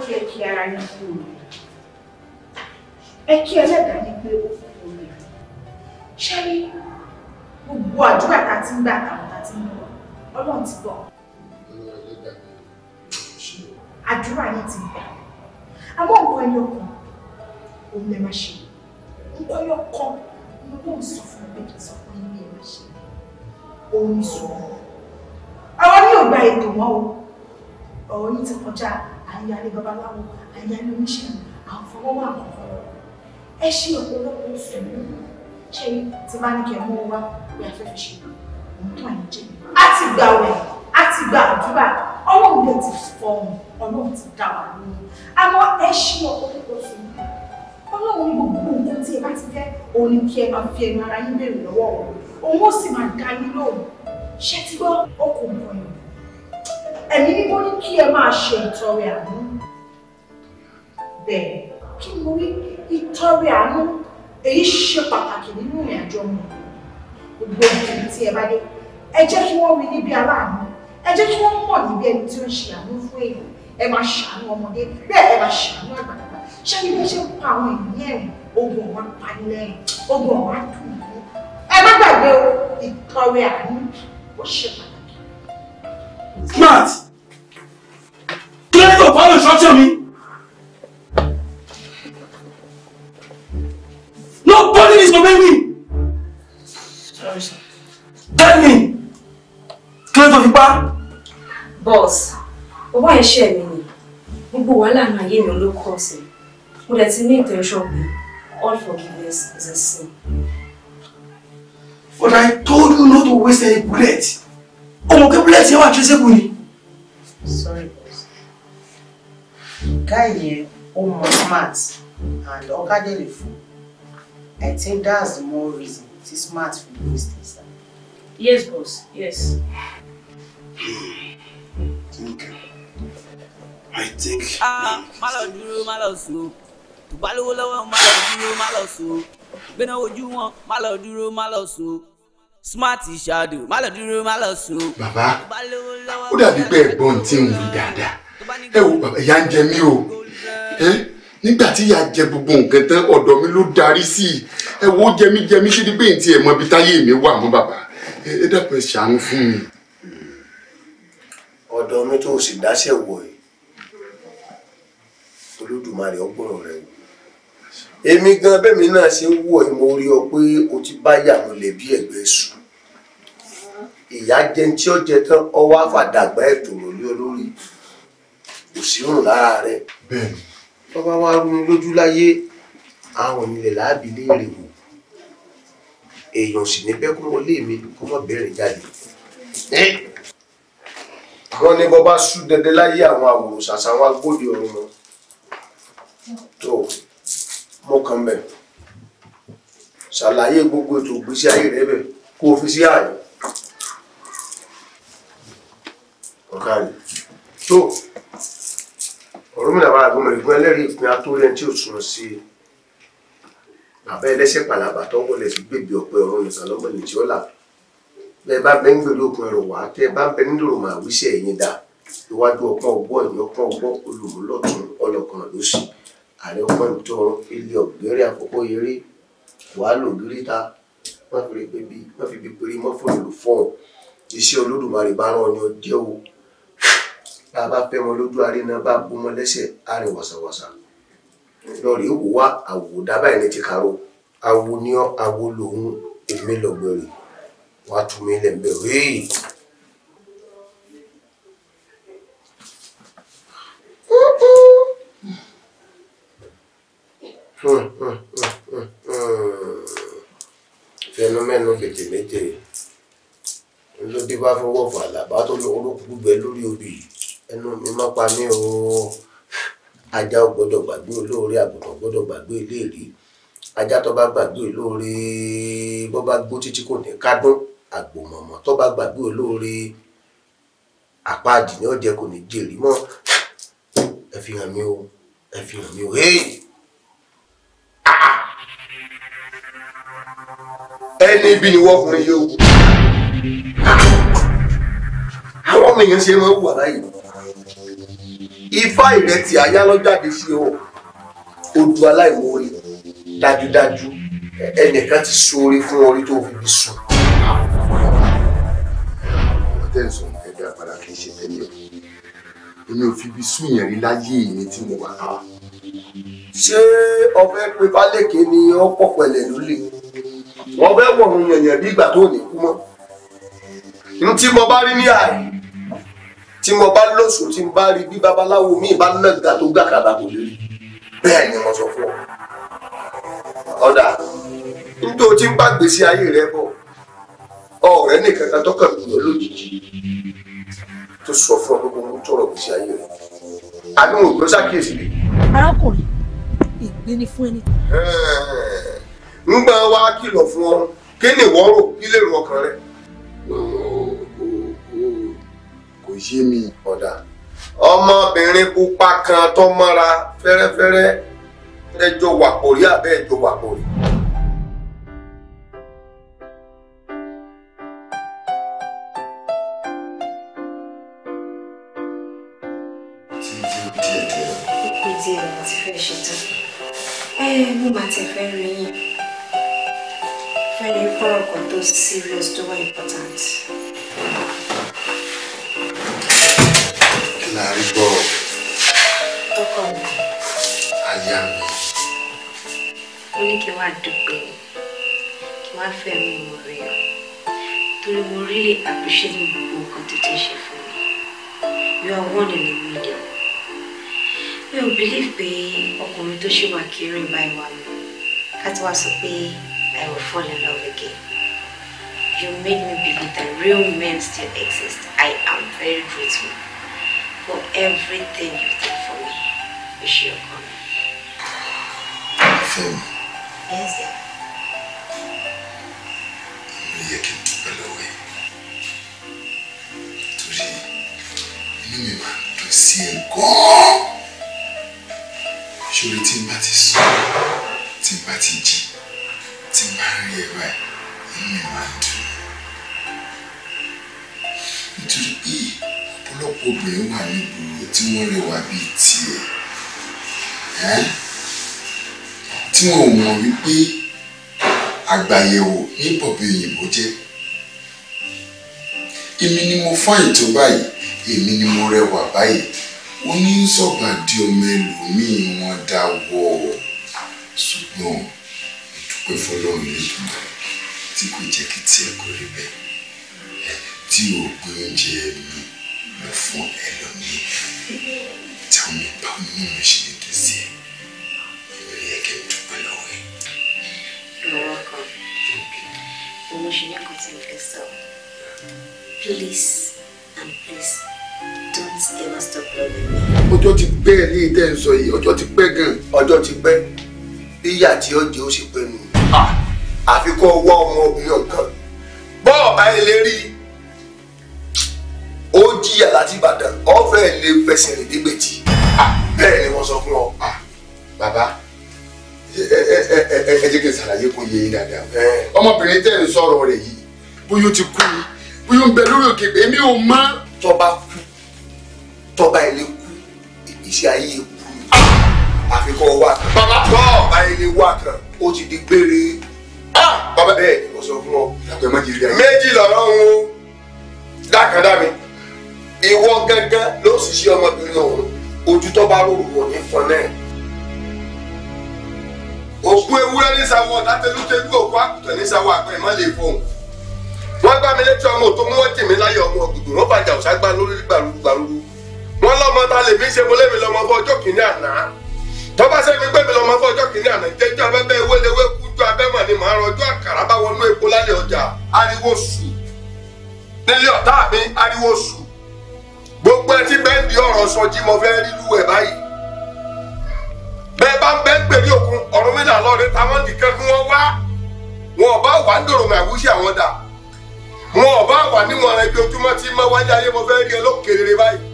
kí ẹ kí ara yín kú rẹ̀. Ẹ kí ẹlẹ́dàá ní pé ó kú rẹ̀. Ṣé rí gbogbo àdúrà tá a ti ń gbà àtàwọn tá ti ń bọ̀ Ọlọ́run ti bọ̀. Àdúrà yín ti gbà. Àwọn nǹkan ẹyọ kan òun lè máa ṣe. Nǹkan ẹyọ kan ni wọ́n sọ fún mi sọ fún mi ẹ ṣe. Òun ni sùn. Àwọn ò gba ètò wọn o. Ọ̀rọ̀ yín ti kọjá àyàrí babaláwo àyàrí oníṣègùn àfọwọ́wà kọ̀ọ̀kan ẹ ṣe ọ̀pọ̀lọpọ̀ ìfẹ̀mí ṣe tí bá ní kẹ́ mọ́ wá pé afẹ́fẹ́ ṣe òun tó àyè jẹ́ a ti gbà wẹ̀ a ti gbà àdúrà ọlọ́run lè ti fọhùn ọlọ́run ti dá wà lóyún àmọ́ ẹ ṣe ọ̀pọ̀lọpọ̀ ìfẹ̀mí ọlọ́run gbogbo nǹkan tí ẹ bá ti fẹ́ òun ni kí ẹ máa fi ẹnu ara yín béèrè lọ́wọ́ òun ó sì máa dá yín lóhùn ẹ̀mí mímọ́ ní kí ẹ máa ṣe ìtọrẹ àánú bẹ́ẹ̀ kí mo rí ìtọrẹ àánú èyí ṣe pàtàkì nínú ìrìn àjò ọmọ gbogbo ìdílé tí ẹ bá dé ẹ jẹ́ kí wọ́n rí níbi aláàánú ẹ jẹ́ kí wọ́n mọ̀ níbi ẹni tí ó ń ṣe àánú fún èèyàn ẹ máa ṣàánú ọmọdé bẹ́ẹ̀ ẹ máa ṣàánú àgbàlagbà ṣé ibi ṣe ń pa àwọn ènìyàn ẹ̀rìn ogun ọ̀wá panilẹ́rìn ogun ọ̀wá dùn ẹ má gbàgbé o ìtọrẹ àánú ó ṣe pàtàkì. Smart! Kí ló dé tó pàrọ̀ instruction mi? Nobody is obeying me! Sorry, sir. Tell me! Kí ló dé tó fi pa? Boss, owó ẹ̀ṣẹ̀ mi ni. Gbogbo wàhálà náà ayé mi ló kọ́ sí. Mo dẹ̀ ti ní intention pé all forgiveness is a sin. But I told you not to waste any bullets ọmọ pé bullet yẹn wà traceable ni. sorry boss guy yẹn ó mọ smart and ọ̀gá dẹ̀ lè fún i think that's the more reason ti smart for lè waste his yes boss yes. okay. I think. Ah, má lọ dúró, má lọ sùn o. lọ́wọ́, má lọ dúró, má lọ sùn Gbéná ojú wọn, má lọ dúró, má lọ sùn smart ṣáàdù má lọ dúró má lọ sùn. bàbá ó dàbí pé ẹ̀gbọ́n tí ń wí dáadáa ẹ wo bàbá ìyá ń jẹ mí o nígbà tí ìyá jẹ gbogbo nǹkan tán ọ̀dọ̀ mi ló darí sí i ẹ wo jẹmí jẹmí ṣe ni pé n tiẹ̀ mọ ibi táyé mi wà mọ́ bàbá ẹ dàpọ̀ ṣàánú fún mi. ọ̀dọ̀ mi tó o sì dáṣẹ̀ wọ̀ yìí olódùmarè ọgbọ́n rẹ̀ wò èmi gan bẹ́mi náà ṣe ń wọ̀ ìmọ̀ orí ọ pé o ti bá yàwó lẹ̀bi ẹ̀gbẹ́ sùn ìyá jẹun tí ó jẹ tán ọwọ́ àfàdàgbà ẹ̀tọ́rọ̀ lé olórí kò sí rùn lára rẹ bàbá wa rún lójú láyé àwọn ilẹ̀ láàbí léèrè wò èèyàn sì ní bẹ́ẹ̀ kó wọlé mi kó mọ̀ bẹ̀rẹ̀ jáde wọ́n ní bọ́ bá sú láyé àwọn àwòrán ṣàṣà wọn agbóde ọ̀run wọn tó mo kàn bẹ̀ ṣàlàyé gbogbo ètò ìgbésí ayé rẹ bẹ̀ kó o fi sí ààyè ọ̀gá rẹ̀ tó ọ̀rọ̀mìnà bára gbọ́mọ̀ ìgbọ́n ẹlẹ́rìí ìpín atóyẹn tí ò sùn sí i bàbá ẹlẹ́sẹ̀ pàlàbà tó ń wọlé sí gbèbè ọ̀pẹ ọ̀rọ̀ nìkan lọ́gbọ̀n ní tí ó là bẹ́ẹ̀ bá bẹ́ ń gbèrè òkun ẹ̀rọ wá tẹ́ bá ń bẹ nílò rò wíṣẹ́ ẹ̀yìn dà iwájú ọpọ́n ọgbọ́ ẹ̀yìn ọpọ́n olùmúlọ́tún ọlọ́kùnrin ló ààrẹ ọpẹ́lú tọrọ ilé ọ̀gbẹ́rẹ́ àkọ́kọ́ eré wàá lò gíríta má fi rí pébi má fi bí péré má fòlò lò fọ́ọ̀n iṣẹ́ olódùmarè bá rán ọyàn díẹ̀ o bá a bá fẹ́ mọ lójú aré náà bá bó mọ lẹ́sẹ̀ àárín wàsàwàsà lọ́ọ̀rì ó wá àwò dábàá ẹni ti kàró àwò ni ọ́ àwò lòun èmi lọ́gbẹ̀rẹ̀ wàá tún mi lẹ́ńbẹ̀ wéè. Mm-mm. Mm, mm, mm, fẹnumẹnu kètè méje ló dé bá fọwọ́ fà làbá tó olókùú gbẹ lórí obì ẹnu mi má pa mí o ajá ò gbọ́dọ̀ gbàgbé olóore àgùntàn gbọ́dọ̀ gbàgbé iléèrí ajá tó bá gbàgbé olóore bó bá gbó títí kò ní kádùn àgbòmọ̀mọ̀ tó bá gbàgbé olóore àpá àdìyàn ọdẹ kò ní jèrè mọ́ ẹ fi hàn mí o ẹ fi hàn mí o hey! ẹni ibi ni wọ́n ọkùnrin yóò wù. àwọn ọmọ èèyàn ṣe máa ń wà láyé ifá ìrẹtì ayálọ́jáde fi hàn odò aláìmoore dájúdájú ẹnìkan ti ṣoore fún orí tó fi fi sùn. tẹ́sán ẹ̀dá padà kì í ṣe tẹ́lẹ̀ èmi ò fi ibi sùn yẹn rí láyé èmi tí mo wà á. ṣé ọ̀fẹ́ pé fálẹ́kẹ́ ni ọ̀pọ̀ pẹ̀lẹ́ ló lè ní wọ́n fẹ́ wọ̀ ọ̀run yẹ̀yẹ̀ bí ìgbà tó ní kú mọ́ n tí mo bá rí ní àyè tí mo bá lóṣù tí mo bá rí bí babaláwo mi bá nàgà tó gàkàdà kò lè rí bẹ́ẹ̀ ni mo sọ fún ọ ọ̀dà nítorí o ti ń bá gbèsè ayé rẹ bọ̀ ọ̀rẹ́ nìkan kan tọ́kàn lùyọ́ lójijì tó sọ fún ọ pé mo ń tọrọ gbèsè ayé rẹ àbí mo gbọ́ sákìyèsí arákùnrin ìgbéni fún ẹni ńgbà wá kìlọ̀ fún ọ kí ni ìwọ rò kí lè rò ọkàn rẹ. kò yé mi ọ̀dà. ọmọbìnrin pupa kan tó mọ́ra fẹ́rẹ́fẹ́rẹ́ ẹjọ́ wàpòrí àbẹ́ ẹjọ́ wàpòrí. mo máa tẹ̀ fẹ́ rí yín fẹ́ yí fọ́rọ̀ kan tó serious tó wà important. kí la rí gbọ́. tọkọ mi. aya mi. ó ní kí n wá dúpẹ́ really appreciate me for tó ti ṣe fún mi you are one in a million You believe me. ọkùnrin tó ṣe wà kéré báyìí wà mí ká tí wàá I will fall in love again. You made me believe that real men still exist. I am very grateful for everything you did for me. Wish you a coming. Fẹ́mi. Yes, sir. Mo yẹ kí n dúpẹ́ lọ́wọ́ yìí. Torí inú mi máa ń dùn sí ẹ gan-an. Ṣòro tí n bá ti sùn, tí tí n bá rí ẹ báyìí inú mi máa ń dùn nítorí pé ọ̀pọ̀lọpọ̀ obìnrin wà ní ìgboro tí wọ́n rẹwà bíi tiẹ̀ tí wọ́n mọ̀ wípé àgbàyẹ̀wò ní bọ̀bí òyìnbó jẹ́ èmi ni mo fáyìn tó báyìí èmi ni mo rẹwà báyìí onísọ̀gbà di ọmọ ẹlòmíì wọn dáwọ́ ṣùgbọ́n dúpẹ́ fún lọ́run ìdùnnú tí kò jẹ́ kí tiẹ̀ kó rí tí o gbé oúnjẹ mi lọ fún ẹlòmíì tell me báwo ni ṣe lè dùn sí ẹ yẹ kí n dúpẹ́ lọ́wọ́ ẹ. lọ́wọ́ kan mo ṣe ní kan tí mo fẹ́ sọ please and please don't ever stop loving me. ọjọ́ ti pẹ́ ní ìtẹ́ ń sọ yìí ọjọ́ ti pẹ́ gan-an. ọjọ́ ti pẹ́ bí ìyá tí ó ó sì pẹ́ nù àfi kọ́ wá ọmọ obìnrin ọ̀kan bọ́ọ̀bá eléri ó jìyà láti Ìbàdàn ọ̀fẹ́ lè fẹsẹ̀ rìn dégbèjì bẹ́ẹ̀ ni wọ́n sọ fún ọ. bàbá ẹ jẹ́ kí n ṣàlàyé kó yé yín dáadáa ọmọbìnrin tẹ́ ń sọ̀rọ̀ rẹ̀ yìí bóyá ó ti kú ni bóyá ó ń bẹ lórí òkè èmi ò mọ̀. tọ́ba kú tọ́ba ilé kú ìgbésí ayé kú ni àfikún wa bàbá tọ́ọ̀ba ilé wa kan ó ti di gbére bàbá bẹ́ẹ̀ mo sọ fún ọ àpẹ mọ́jì rí ayé. méjì lọ́rọ́ ń wo dákàndá mi ìwọ gángan ló sì ṣe ọmọbìnrin ọ̀hún ojú tó bá rò wò ní fọn náà. òkú ewúrẹ́ ní sáwọ́ látẹlútẹlú òkú àkùtàn ní sáwọ́ àpẹ mọ́ lè fọ̀hún wọ́n gbá mi létí ọmọ òtó mú wọ́n tì mí láyé ọmọ ọ̀gbìn wọ́n bàjẹ́ òṣàgbà lórí gbàrúgbàrú wọ́n lọ́mọ ta lè fi ṣe mo lémi lọ́mọ fún ọjọ́ kìíní àná tọ́ba sẹ́ni pé mi lọ máa fọjọ́ kìíní àná jẹ́jọ́ abẹ́bẹ́ ewéléwé kújú abẹ́mọ̀ ni màá rọjọ́ àkàrà bá wọnú epo lálẹ́ ọjà ariwo sù nílé ọ̀tá mi ariwo sù gbogbo ẹtí bẹ́ńdì ọ̀rọ̀ sọjí mo fẹ́ rí lú ẹ̀ báyìí bẹ́ẹ̀ bá ń bẹ́ẹ̀ gbèrí òkun ọ̀run mi là lọ́ọ̀rẹ́ táwọn nìkan kí wọ́n wá wọn ò bá wà ń dòrò mà wúṣẹ́ àwọn dà wọn ò bá wà nímọ̀ràn ibi ojúmọ́ tí mọ́ wáyé ayé mo fẹ́ rí ẹ lókèrè báyìí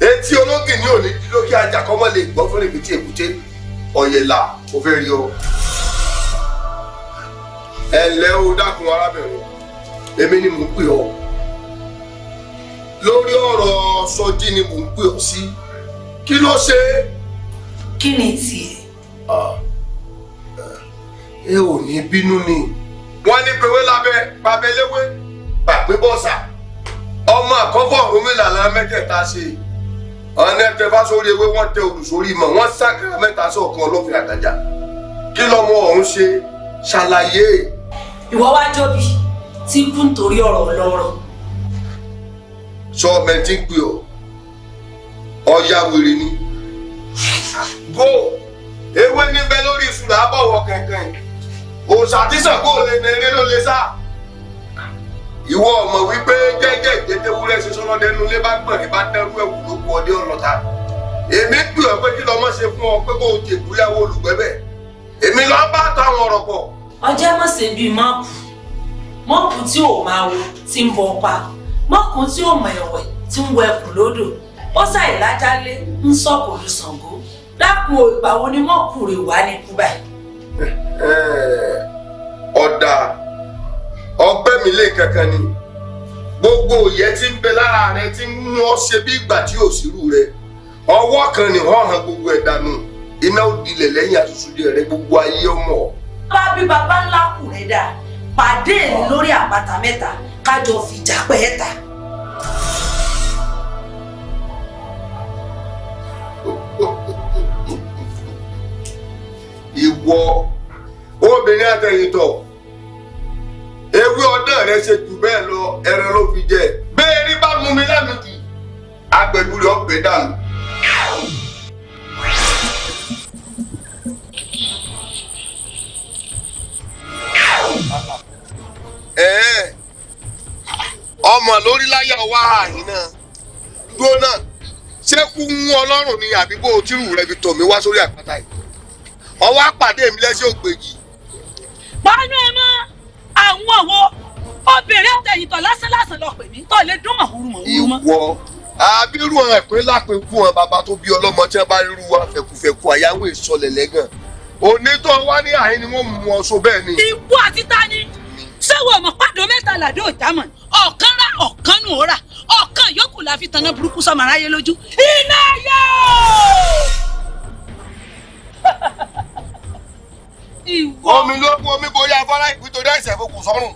etí ológì ní òní lókè ajá kọ́mọ́ lè gbọ́ fún ibi tí èkúté ọ̀yẹ̀là ó fẹ́ rí ọ. ẹ ǹlẹ́ o dákun arábìnrin èmi ni mò ń pè ọ́ lórí ọ̀rọ̀ sọ́jí ni mò ń pè ọ́ sí kí ló ṣe. kí ni tiẹ̀. ẹ ò ní bínú ni. wọ́n ní pewé lábẹ́ pàbẹ́léwé pàgbébọ̀sà ọmọ àkọ́kọ́ òmìnira mẹ́tẹ̀ẹ̀ta ṣe ọ̀nà ẹ̀tẹ̀ bá sórí ewé wọ́n tẹ odù sórí mọ̀ wọ́n sákàrà mẹ́ta sí ọ̀kan ọlọ́fin àtàjà kí lọ́mọ ọ̀hún ṣe ṣàlàyé. ìwọ wá jóbi tí kú nítorí ọ̀rọ̀ ọlọ́rọ̀. sọ mẹtí ń pè ọ ọya wèrè ni. bó ewé níbẹ̀ lórí ìṣúra bọ̀wọ̀ kẹ̀kẹ́ òṣàtìsàn kò lè nà eré ló lè sá ìwọ ọmọ wípé jẹ́jẹ́ ìdẹ́tẹ́wúrẹ́ ṣe sọ́nà dẹnu lé bá gbọ̀n ní bá dẹrú ẹ̀wù ló kú ọdẹ ọlọ́ta èmi pè pé kí lọ́mọ ṣe fún ọ pé kó o jẹ ìgbéyàwó olùgbẹ́bẹ̀ èmi lọ bá tọ àwọn ọ̀rọ̀ ọjọ́ má ṣe bíi mọ́ọ̀pù mọ́ọ̀pù tí ò máa wo ti ń bọ pa mọ́ọ̀kùn tí ò mọ̀ ẹ̀wẹ̀ ti ń wọ ẹkùn lódò ó ṣàì ń sọ̀kò lu dákun ìgbà wo ni mọ́ọ̀kù rè wá ní kúbà. ọ̀dà ọpẹ́ mi lè kankan ni gbogbo òye tí ń bẹ lára rẹ tí ń mú ọ ṣe bí ìgbà tí yóò sírù rẹ ọwọ́ kan ni wọ́n hàn gbogbo ẹ̀ dànù iná òdìlẹ̀ lẹ́yìn àtúnṣe rẹ gbogbo ayé ọmọ. bá bí baba ńlá kù rẹ dà pàdé èmi lórí àpáta mẹ́ta kájọ fìjà pẹ́ ta. ìwọ obìnrin àtẹ̀yìntọ̀. ewé ọdẹ rẹ ṣe jù bẹ́ẹ̀ lọ ẹran ló fi jẹ bẹ́ẹ̀ rí bá mú mi lẹ́nu jù agbẹdúrẹ ọpẹ dànù. ọmọ lórí láyà wá àyín náà dúró náà ṣé kú ń ọlọ́run ni àbí bó o tírù rẹ fi tọ̀ mí wá sórí àpáta yìí ọwọ́ àpàdé mi lẹ́sẹ̀ ògbèjì tẹ̀yìn tọ̀ lásán lásán lọ pè mí tọ̀ lè dún màhúrú màhúrú mọ́. ìwọ abirú àwọn ẹ̀pẹ́ lápẹ́ fún wọn bàbá tó bí ọlọ́mọ tí wọ́n bá rírú wa fẹ̀kùfẹ̀kù àyáwó ìsọlẹ̀ lẹ́gàn onítọ̀ wá ní àyín ni wọ́n mú ọ so bẹ́ẹ̀ ni. ìwọ àti ta ni sẹ́wọ̀n ọmọ pàdó mẹ́ta làdó ìdámọ̀ ọ̀kan rà ọ̀kan nù ó rà ọ̀kan yòókù la fi tanná burúkú sọmọ aráyé lójú iná yọ. omi ló kú omi borí afárá nítorí àìsàn ìfokùn sọ́rùn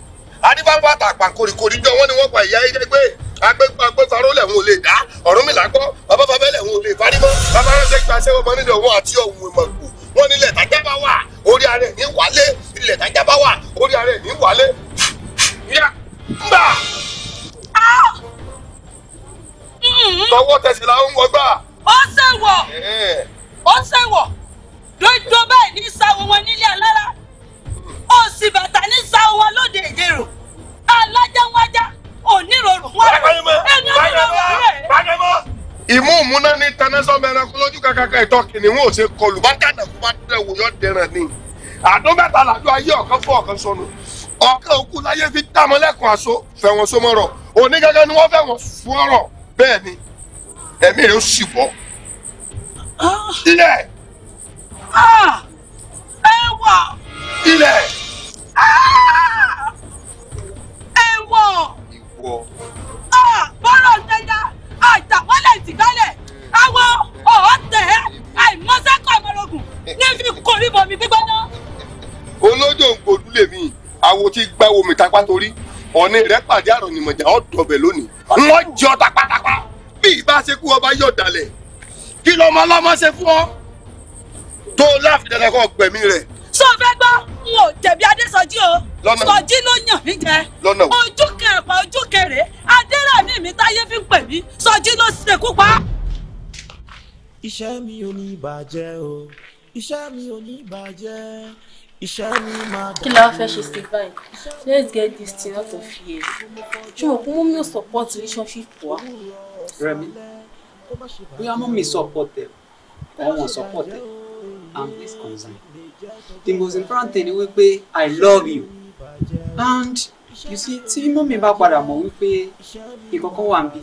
adébáwá àtàpà kòrìkòrì jọ wọn ni wọn pa ìyá ẹyẹ gbé agbẹ́faró lẹ́hún ò lè dá Ọ̀rúnmìlà gbọ́ bàbá bàbá lẹ́hún ò lè farímọ́ bàbá ránṣẹ́ gba ṣẹ́wọ́ àti ọ̀hún ìmọ̀ wọn nílẹ̀ tájá bá wà orí arẹ̀ ní wálé ilẹ̀ tájá bá wà orí arẹ̀ ní wálé. gbà tọwọ́ tẹsílà ń wọgbà. ó ṣèwọ̀ ó ṣèwọ̀ dojúdọ bẹ́ẹ̀ ní sáwọn wọn nílé alára òsì bàtà ní sáwọ́ lóde ìdèrò alájáwájá oníròrò wọn ẹni oníròrò rẹ. ìmú ìmúná ní tanásọ́mọ ẹranko lójú kàkàkà ìtọ́ kìnìún ò ṣe kọlù bá dàdà kó bá dẹ̀ wò yọ dẹ̀ràn ni àdó mẹ́ta làjọ ayé ọ̀kan fún ọ̀kan sọnù ọ̀kan òkú láyé fi dámọ lẹ́kùn aṣọ fẹ̀wọ̀n sọmọrọ̀ òní gángan ni wọ́n fẹ̀wọ̀n fún ọ̀rọ̀ ni ẹ̀mí rẹ̀ ó sì bọ́ ah. ilẹ̀. Ah. ẹ wà ilẹ̀. Ah! ẹ̀wọ̀ ìwọ. Ah! bọ́rọ̀ jẹjà àjàwálẹ̀ ìtìgbálẹ̀ àwọn ọ̀ọ́tẹ̀ àìmọ́sẹ́kọ̀ ọmọlógún ní fi koríbọ̀ mi gbígbóná. olójó ń gbòdú lèmi àwo tí gbáwo mi tapá torí ọ̀nì rẹ̀ pàdé àrọ̀nìmọ̀jà ọ̀dọ̀bẹ̀ lónìí. wọ́n jọ tapátápá bí ìbá ṣe kú ọba yóò dalẹ̀ kí lọ́mọ ọlọ́mọ ṣe fún ọ tó láfi dandan kọ́ gbẹ̀mí rẹ̀ sọ fẹ́ gbọ́ n ò jẹ̀bi adésọjí o sọjí ló yàn mí jẹ ojú kẹrẹpà ojú kẹrẹ adéràmí mi táyé fi ń pè mí sọjí ló ṣekú pa. iṣẹ́ mi ò ní bàjẹ́ o iṣẹ́ mi ò ní bàjẹ́ iṣẹ́ mi máa dàgbà. kí la fẹ́ ṣe sí báyìí let's get this thing out of here ṣé o kún mú mi ò support relationship wa. Rẹ̀mí bóyá mú mi support ẹ ẹ wọn support ẹ i'm please concerned the most important thing ni wípé i love you and you see tí mọ́mí bá padà mọ̀ wípé ìkọ̀kọ̀ wà ń bí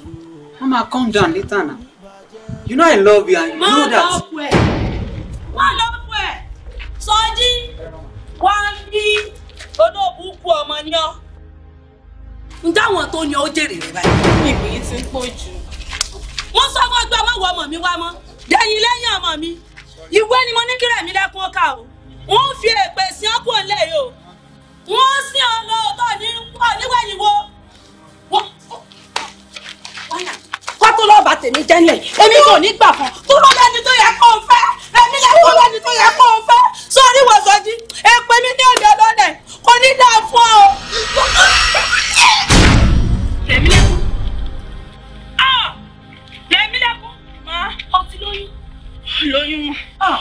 wọ́n máa calm down later na you know i love you and you know that. máa lọ pẹ̀ máa lọ pẹ̀ sọ́jí wá bí olóògùn kú ọmọ ní ọ ǹjẹ́ àwọn tó ní ọ jèrè rẹ báyìí. ìgbìyànjú ti pọ̀ jù wọ́n sọ fún ọgbẹ́ ọmọ wọ ọmọ mi wá mọ́ dẹ̀yìn lẹ́yìn ọmọ mi ìwé ni mo ní kí rẹ̀ mi lẹ́kún ọkà o wọ́n fi èpè sí ọ́ kúrò yìí o wọ́n sí ọ lóòótọ́ ní níwẹ̀yìn wo. kó tó lọ́ọ́ bá tèmi jẹ́ èmi kò ní gbà kan tó lọ́ lẹ́ni tó yẹ kó o fẹ́ èmi lè kó lẹ́ni tó yẹ kó o fẹ́ sórí wọ̀sán jí èpè mi ní òde ọlọ́dẹ kò ní dáa fún ọ. tèmi ah! máa ọtí lóyún lóyún mọ́. Ah!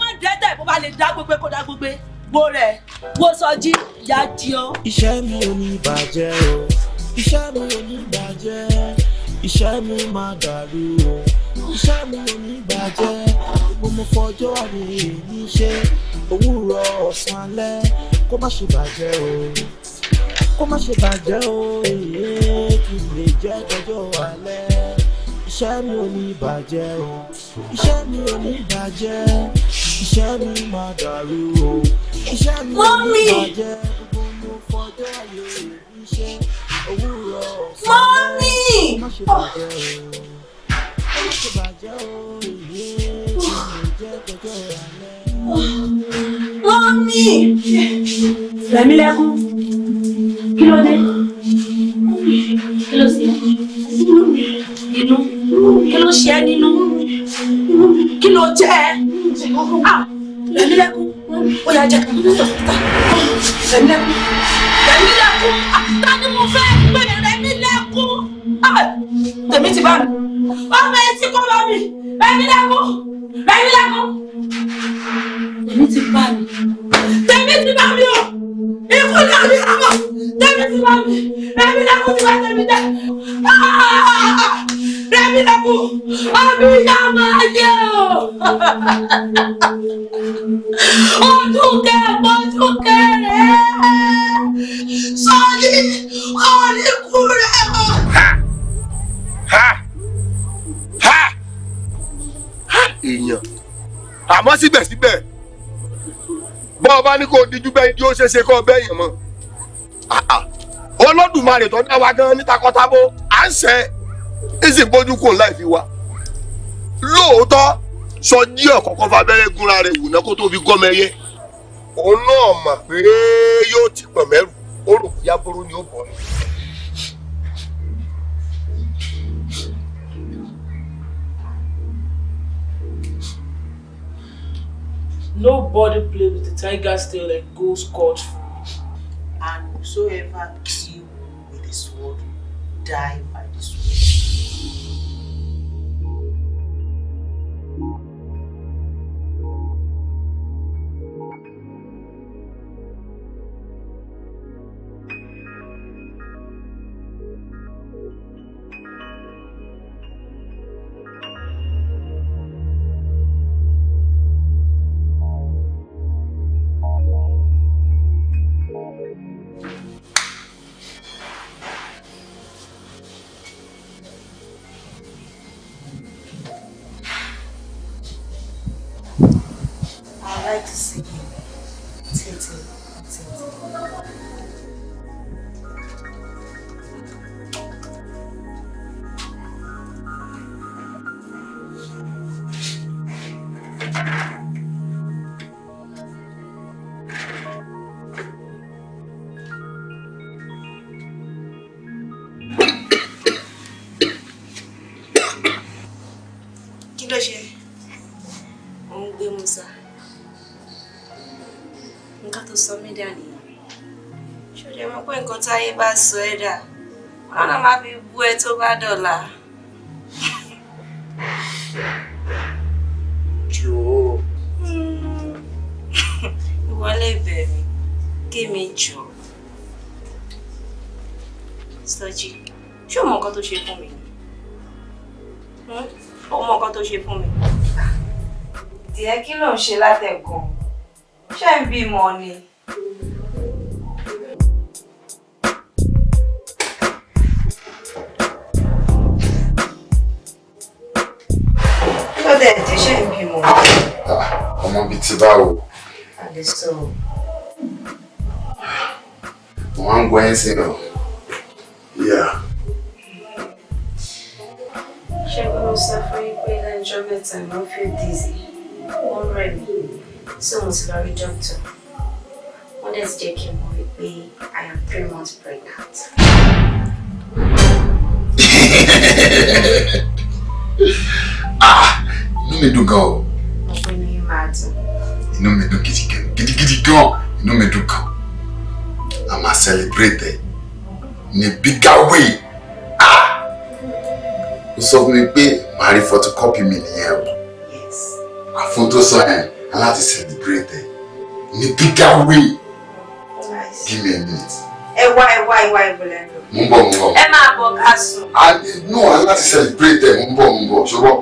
dẹ́tẹ̀ bó bá lè dá gbogbo kó dá gbogbo wo rẹ̀ wo sọjí ìyá di ọ. iṣẹ́ mi ò ní bàjẹ́ o iṣẹ́ mi ò ní bàjẹ́ iṣẹ́ mi máa dàrú o iṣẹ́ mi ò ní bàjẹ́ mo mọ fọjọ́ mi ní ṣe òwúrọ̀ ọ̀sán alẹ́ kó má ṣe bàjẹ́ o kó má ṣe bàjẹ́ o èyí kì í lè jẹ́ tọjọ́ alẹ́ iṣẹ́ mi ò ní bàjẹ́ o iṣẹ́ mi ò ní bàjẹ́ iṣẹ́ mi máa dàrú o iṣẹ́ mi máa jẹ́ gbogbo mo fọjọ́ ayé iṣẹ́ òwúrọ̀ ọ̀sán má ṣe bàjẹ́ o má ṣe bàjẹ́ o ìwé tí mo jẹ́ gbọ́jọ́ alẹ́. mọ́mí rẹ̀mílẹ́kún kí ló dé kí ló ṣe inú kí ló ṣe nínú kí ló jẹ ah ẹ̀mílẹ́kùn ó yà jẹ ẹ̀mílẹ́kùn ẹ̀mílẹ́kùn ah ta ni mo fẹ́ gbé tèmi ti bá mi ọmọ etí kọ́ bá mi ẹ̀mí lẹ́kọ́ ẹ̀mí lẹ́kọ́ tèmi ti bá mi tèmi ti bá mi o ikú ni ọdún lọ́wọ́ tèmi ti bá mi ẹ̀mí lẹ́kọ́ ti bá tèmi jẹ́ ah! ẹ̀mí lẹ́kọ́ ọmọ ìyá máa yẹ o ọdún kẹ́ ọdún kẹ́ rẹ̀ sọ́ọ́lì ọ̀ọ́lì kú rẹ̀ o. èèyàn àmọ́ síbẹ̀síbẹ̀ bọ́ ọba ní kò díjú bẹ́ẹ̀ ni ó ṣe ṣe kọ́ bẹ́ẹ̀ yàn mọ́ olódùmarè tó dá wa gan ní takọtabo à ń ṣe ìsìn bójú kò láì fi wa lóòótọ́ sọjí ọ̀kọ̀ọ̀kan fa abẹ́rẹ́ gúnra rẹ̀ wù náà kó tó fi gọ́mọ ẹyẹ òun náà mà pé yóò ti pọ̀ mẹ́rù ó rò kó yá ni ó bọ̀ ni. Nobody plays with the tiger's tail and goes scot-free. And whosoever kills with a sword, die sọ ẹ dà wọn náà má fi bú ẹ tó bá dọ̀la. jọ̀ọ́. Hmm. ìwọ lè bẹ̀ mí kí mi jọ̀ọ́. sọjí ṣé o mọ nǹkan tó ṣe fún mi hmm? o mọ nǹkan tó ṣe fún mi. díẹ̀ kí ló ń ṣe látẹ̀kùn ṣé ń bímọ ni. ti báwo. àdìsọ. mo máa ń gbọ́ ẹ́ sí ọ. ṣẹ́gun ló sọ fún yín pé lẹ́jọ́ mẹ́ta dizzy Already, so mí tí mo ti lọ rí dókítà wọ́n dẹ̀ ti jẹ́ kí I am three months pregnant. ah inú me do gan o. ọ̀pọ̀ ni màá inú mi dùn gidigidi gan inú mi dùn gan a celebrate ẹ ní bigger way ah you saw me pay fún for to copy me photocopy mi Yes. I photo so I ẹ to celebrate in a bigger way give me a minute. ẹ wá ẹ wá ẹ wá ẹ bọ̀lẹ́ lọ. mo ń bọ̀ mo ń bọ̀. celebrate ẹ mo ń bọ̀ mo ń bọ̀ ṣùgbọ́n.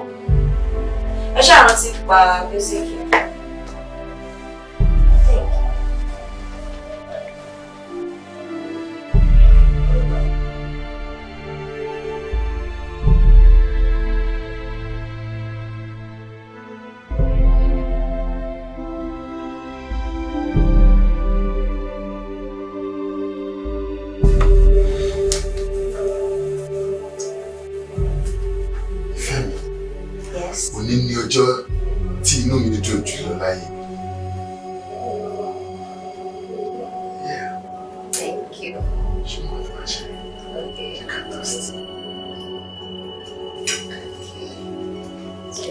ẹ ṣàrántí music yẹn.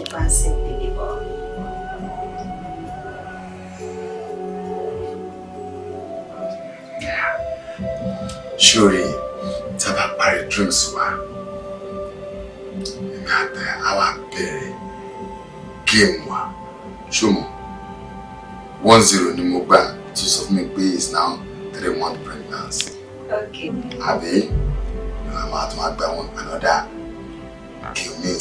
advancing believer. Ṣóri, tá a bá parí drinks wa, èmi àtẹ àwa bẹ̀rẹ̀ game wa. Ṣùgbọ́n one zero ni mo gbà tó sọ fún mi is now three one pregnancy. Okay. Àbí? Màmá tó máa gba one another. Kí o mí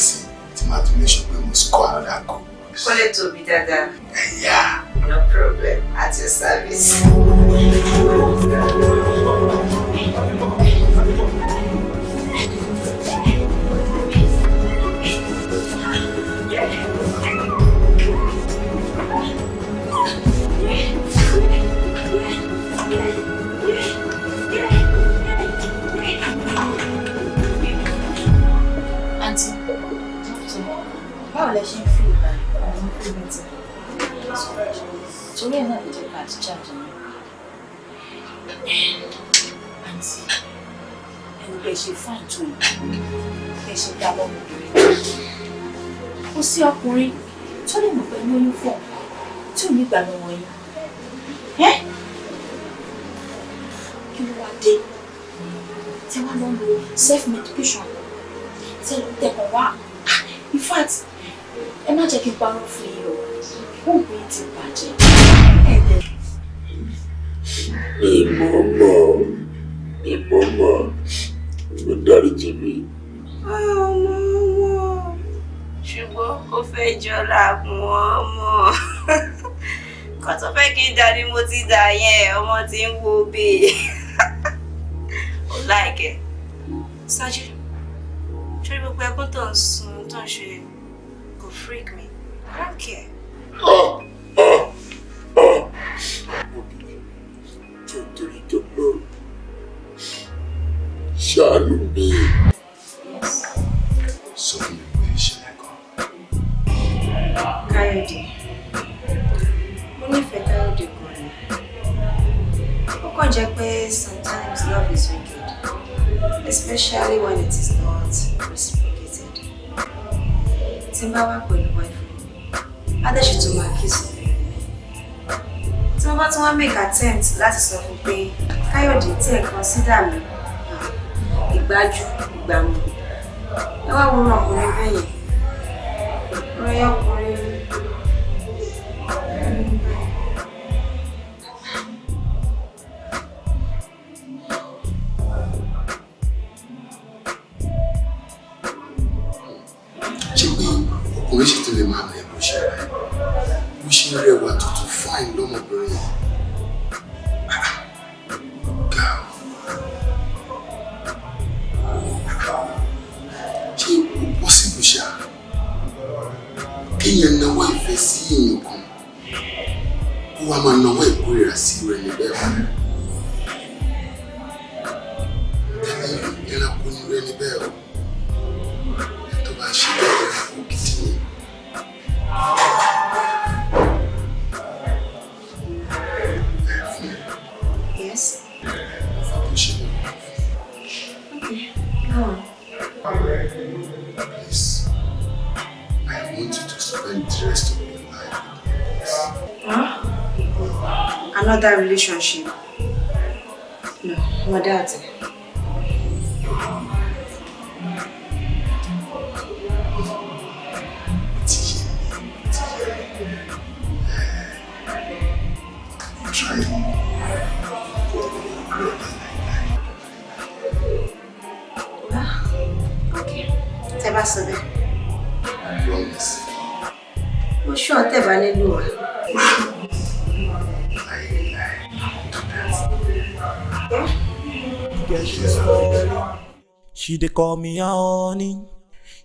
má tún lè ṣe pé mo score another goal. kọ́lé tóbi dáadáa. ẹ̀yà. no problem at your service. torí ẹ̀ náà ló jẹ́ ká ti jáde ní àǹtí ẹni bẹ́ẹ̀ ṣe fún àjò yìí bẹ́ẹ̀ ṣe dá lọ́mọbìnrin kò sí ọkùnrin tó lè mọ̀ pẹ̀lú oyún fún ọ tí ò ní gbàgbọ́ wọ̀nyí kí ló lo self medication tẹ lọ tẹkàn wá in fact ẹ má jẹ́ kí n parọ́ fún yín o oògùn yìí ti mi mọ̀ mọ̀ mi mọ̀ mọ̀ mo dáríjì mi. ọmọ wọn ṣùgbọ́n ó fẹ́ jọra wọn mọ̀ kó tó fẹ́ kí n dà ní mo ti dà yẹn ọmọ tí ń wo bèè ó láìkẹ́ ṣáájú torí gbogbo ẹkún tó ń sun tó ń ṣe kò freak me I don't care. Ah! ṣàánú mi. sọ fún mi pé ìṣẹ̀lẹ̀ kan. káyọ̀dé mo nífẹ̀ẹ́ káyọ̀dé gan-an ó kàn jẹ́ pé sometimes love is wicked especially when it is not reciprocated. tí n bá wà pẹ̀lú wáìfù adéṣe tó máa kí sùn tí wọ́n bá tún wá make attempt láti sọ fún pé káyọ̀dé tí ẹ̀ consider mi gbájú gbàmù ẹ wá wo ọmọkùnrin bẹ́yẹn ọ̀rọ̀ ẹ̀yọkùnrin. please. I want you to spend the rest of your life with us. Huh? Another relationship? No, my dad. bá mo ṣú ọ̀tẹ̀ bá wa. She dey call me honey.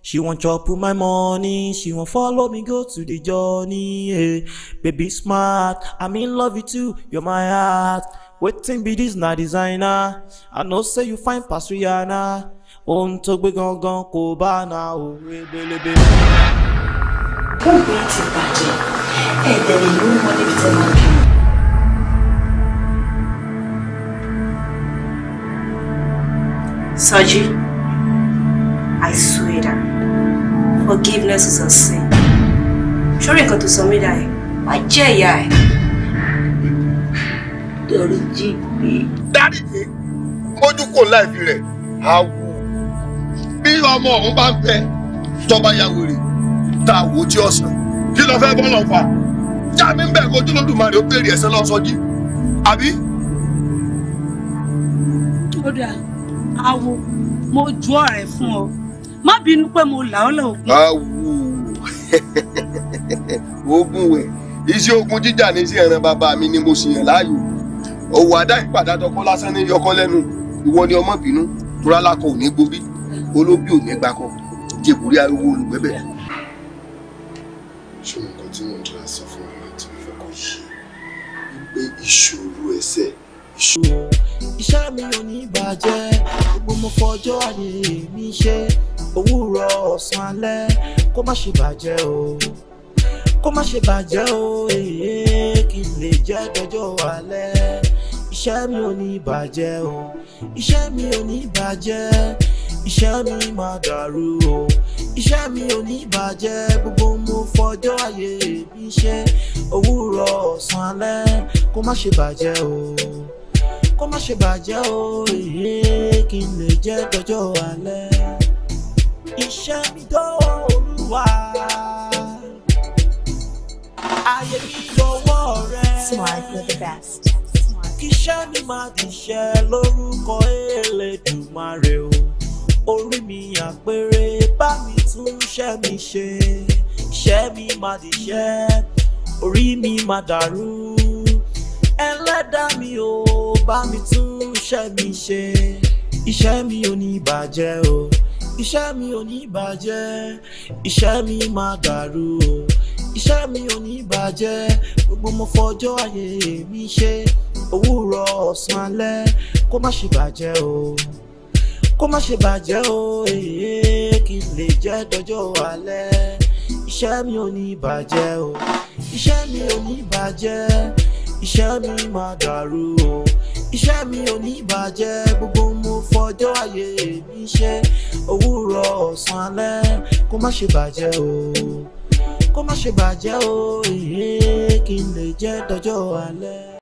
She wan chop my money, she wan follow me go to the journey. Hey, baby smart, I'm in love with you, you're my heart. Wetin be this na designer? I know say you fine pass Rihanna ohun tó gbé gangan kò bá na òwe belebe. bóògùn ti bàjẹ́ ẹ̀ẹ́dẹ̀ lè lórí wọn níbi tẹ́ máa kí. Saji, I swear that forgiveness is a sin. Ṣórí nǹkan tó sọ mí dà ẹ̀, wá jẹ́ ìyá ẹ̀. Dọ̀rí jí mi. Dárí mi, mójú kò láìfi rẹ̀, àwọ̀ bí ọmọ ọ̀hún bá ń bẹ tọ́ba ya wèrè tá a wò ó tí kí lọ fẹ́ bọ́ fà já mi ń bẹ̀ kó jólódùmarè ó béèrè ẹ̀sẹ̀ lọ́sọ jí àbí. ó dà awo mo ju ọ̀rẹ́ fún ọ má bínú pé mo là ọ́ lọ ògùn. awo ogun wẹ̀ iṣẹ́ ogun jíjà ní iṣẹ́ ẹran bàbá mi ni mo sì yàn láàyò òwò àdá ìpàdánù ọkọ lásán ní yọkọ lẹ́nu ìwọ ni ọmọ bínú tura lakọ ò ní gborí olóbì ò ní gbàkọ jèbúrí ariwo olùgbẹbẹ. ṣé nǹkan tí mo dira sọ fún ọ láti fẹ́ kó yí pé ìṣòro ẹsẹ̀ ìṣòro. iṣẹ́ mi ò ní bàjẹ́ gbogbo mo fọjọ́ ayé mi ṣe òwúrọ̀ ọ̀sán alẹ́ kó má ṣe bàjẹ́ o kó má ṣe bàjẹ́ o èyí kì í lè jẹ́ dọjọ́ alẹ́ iṣẹ́ mi ò ní bàjẹ́ o iṣẹ́ mi ò ní bàjẹ́ iṣẹ́ mi máa dàrú o iṣẹ́ mi ò ní bàjẹ́ gbogbo mo fọjọ́ ayé mi ṣe òwúrọ̀ ọ̀sán alẹ́ kó má ṣe bàjẹ́ o kó má ṣe bàjẹ́ o èyí kí n lè jẹ́ dọjọ́ alẹ́ iṣẹ́ mi dọ́wọ́ olúwa ayé mi lọ́wọ́ rẹ. Smart, you're the best. kíṣẹ́ mi máa ti ṣe lórúkọ Elédùmarè o orí mi àpèrè bá mi tún ṣẹ́ mi ṣe ṣẹ́ mi má di ṣẹ́ orí mi má dàrú ẹlẹ́dàá mi ò bá mi tún ṣẹ́ mi ṣe iṣẹ́ mi ò ní bàjẹ́ o iṣẹ́ mi ò ní bàjẹ́ iṣẹ́ mi má dàrú o iṣẹ́ mi ò ní bàjẹ́ gbogbo mo fọjọ́ ayé mi ṣe òwúrọ̀ ọ̀sán alẹ́ kó má ṣe bàjẹ́ o kó má ṣe bàjẹ́ o èyí kí n lè jẹ́ dọjọ́ alẹ́ iṣẹ́ mi ò ní bàjẹ́ o iṣẹ́ mi ò ní bàjẹ́ iṣẹ́ mi máa dàrú o iṣẹ́ mi ò ní bàjẹ́ gbogbo mo fọjọ́ ayé mi ṣe òwúrọ̀ ọ̀sán alẹ́ kó má ṣe bàjẹ́ o kó má ṣe bàjẹ́ o èyí kí lè jẹ́ dọjọ́ alẹ́.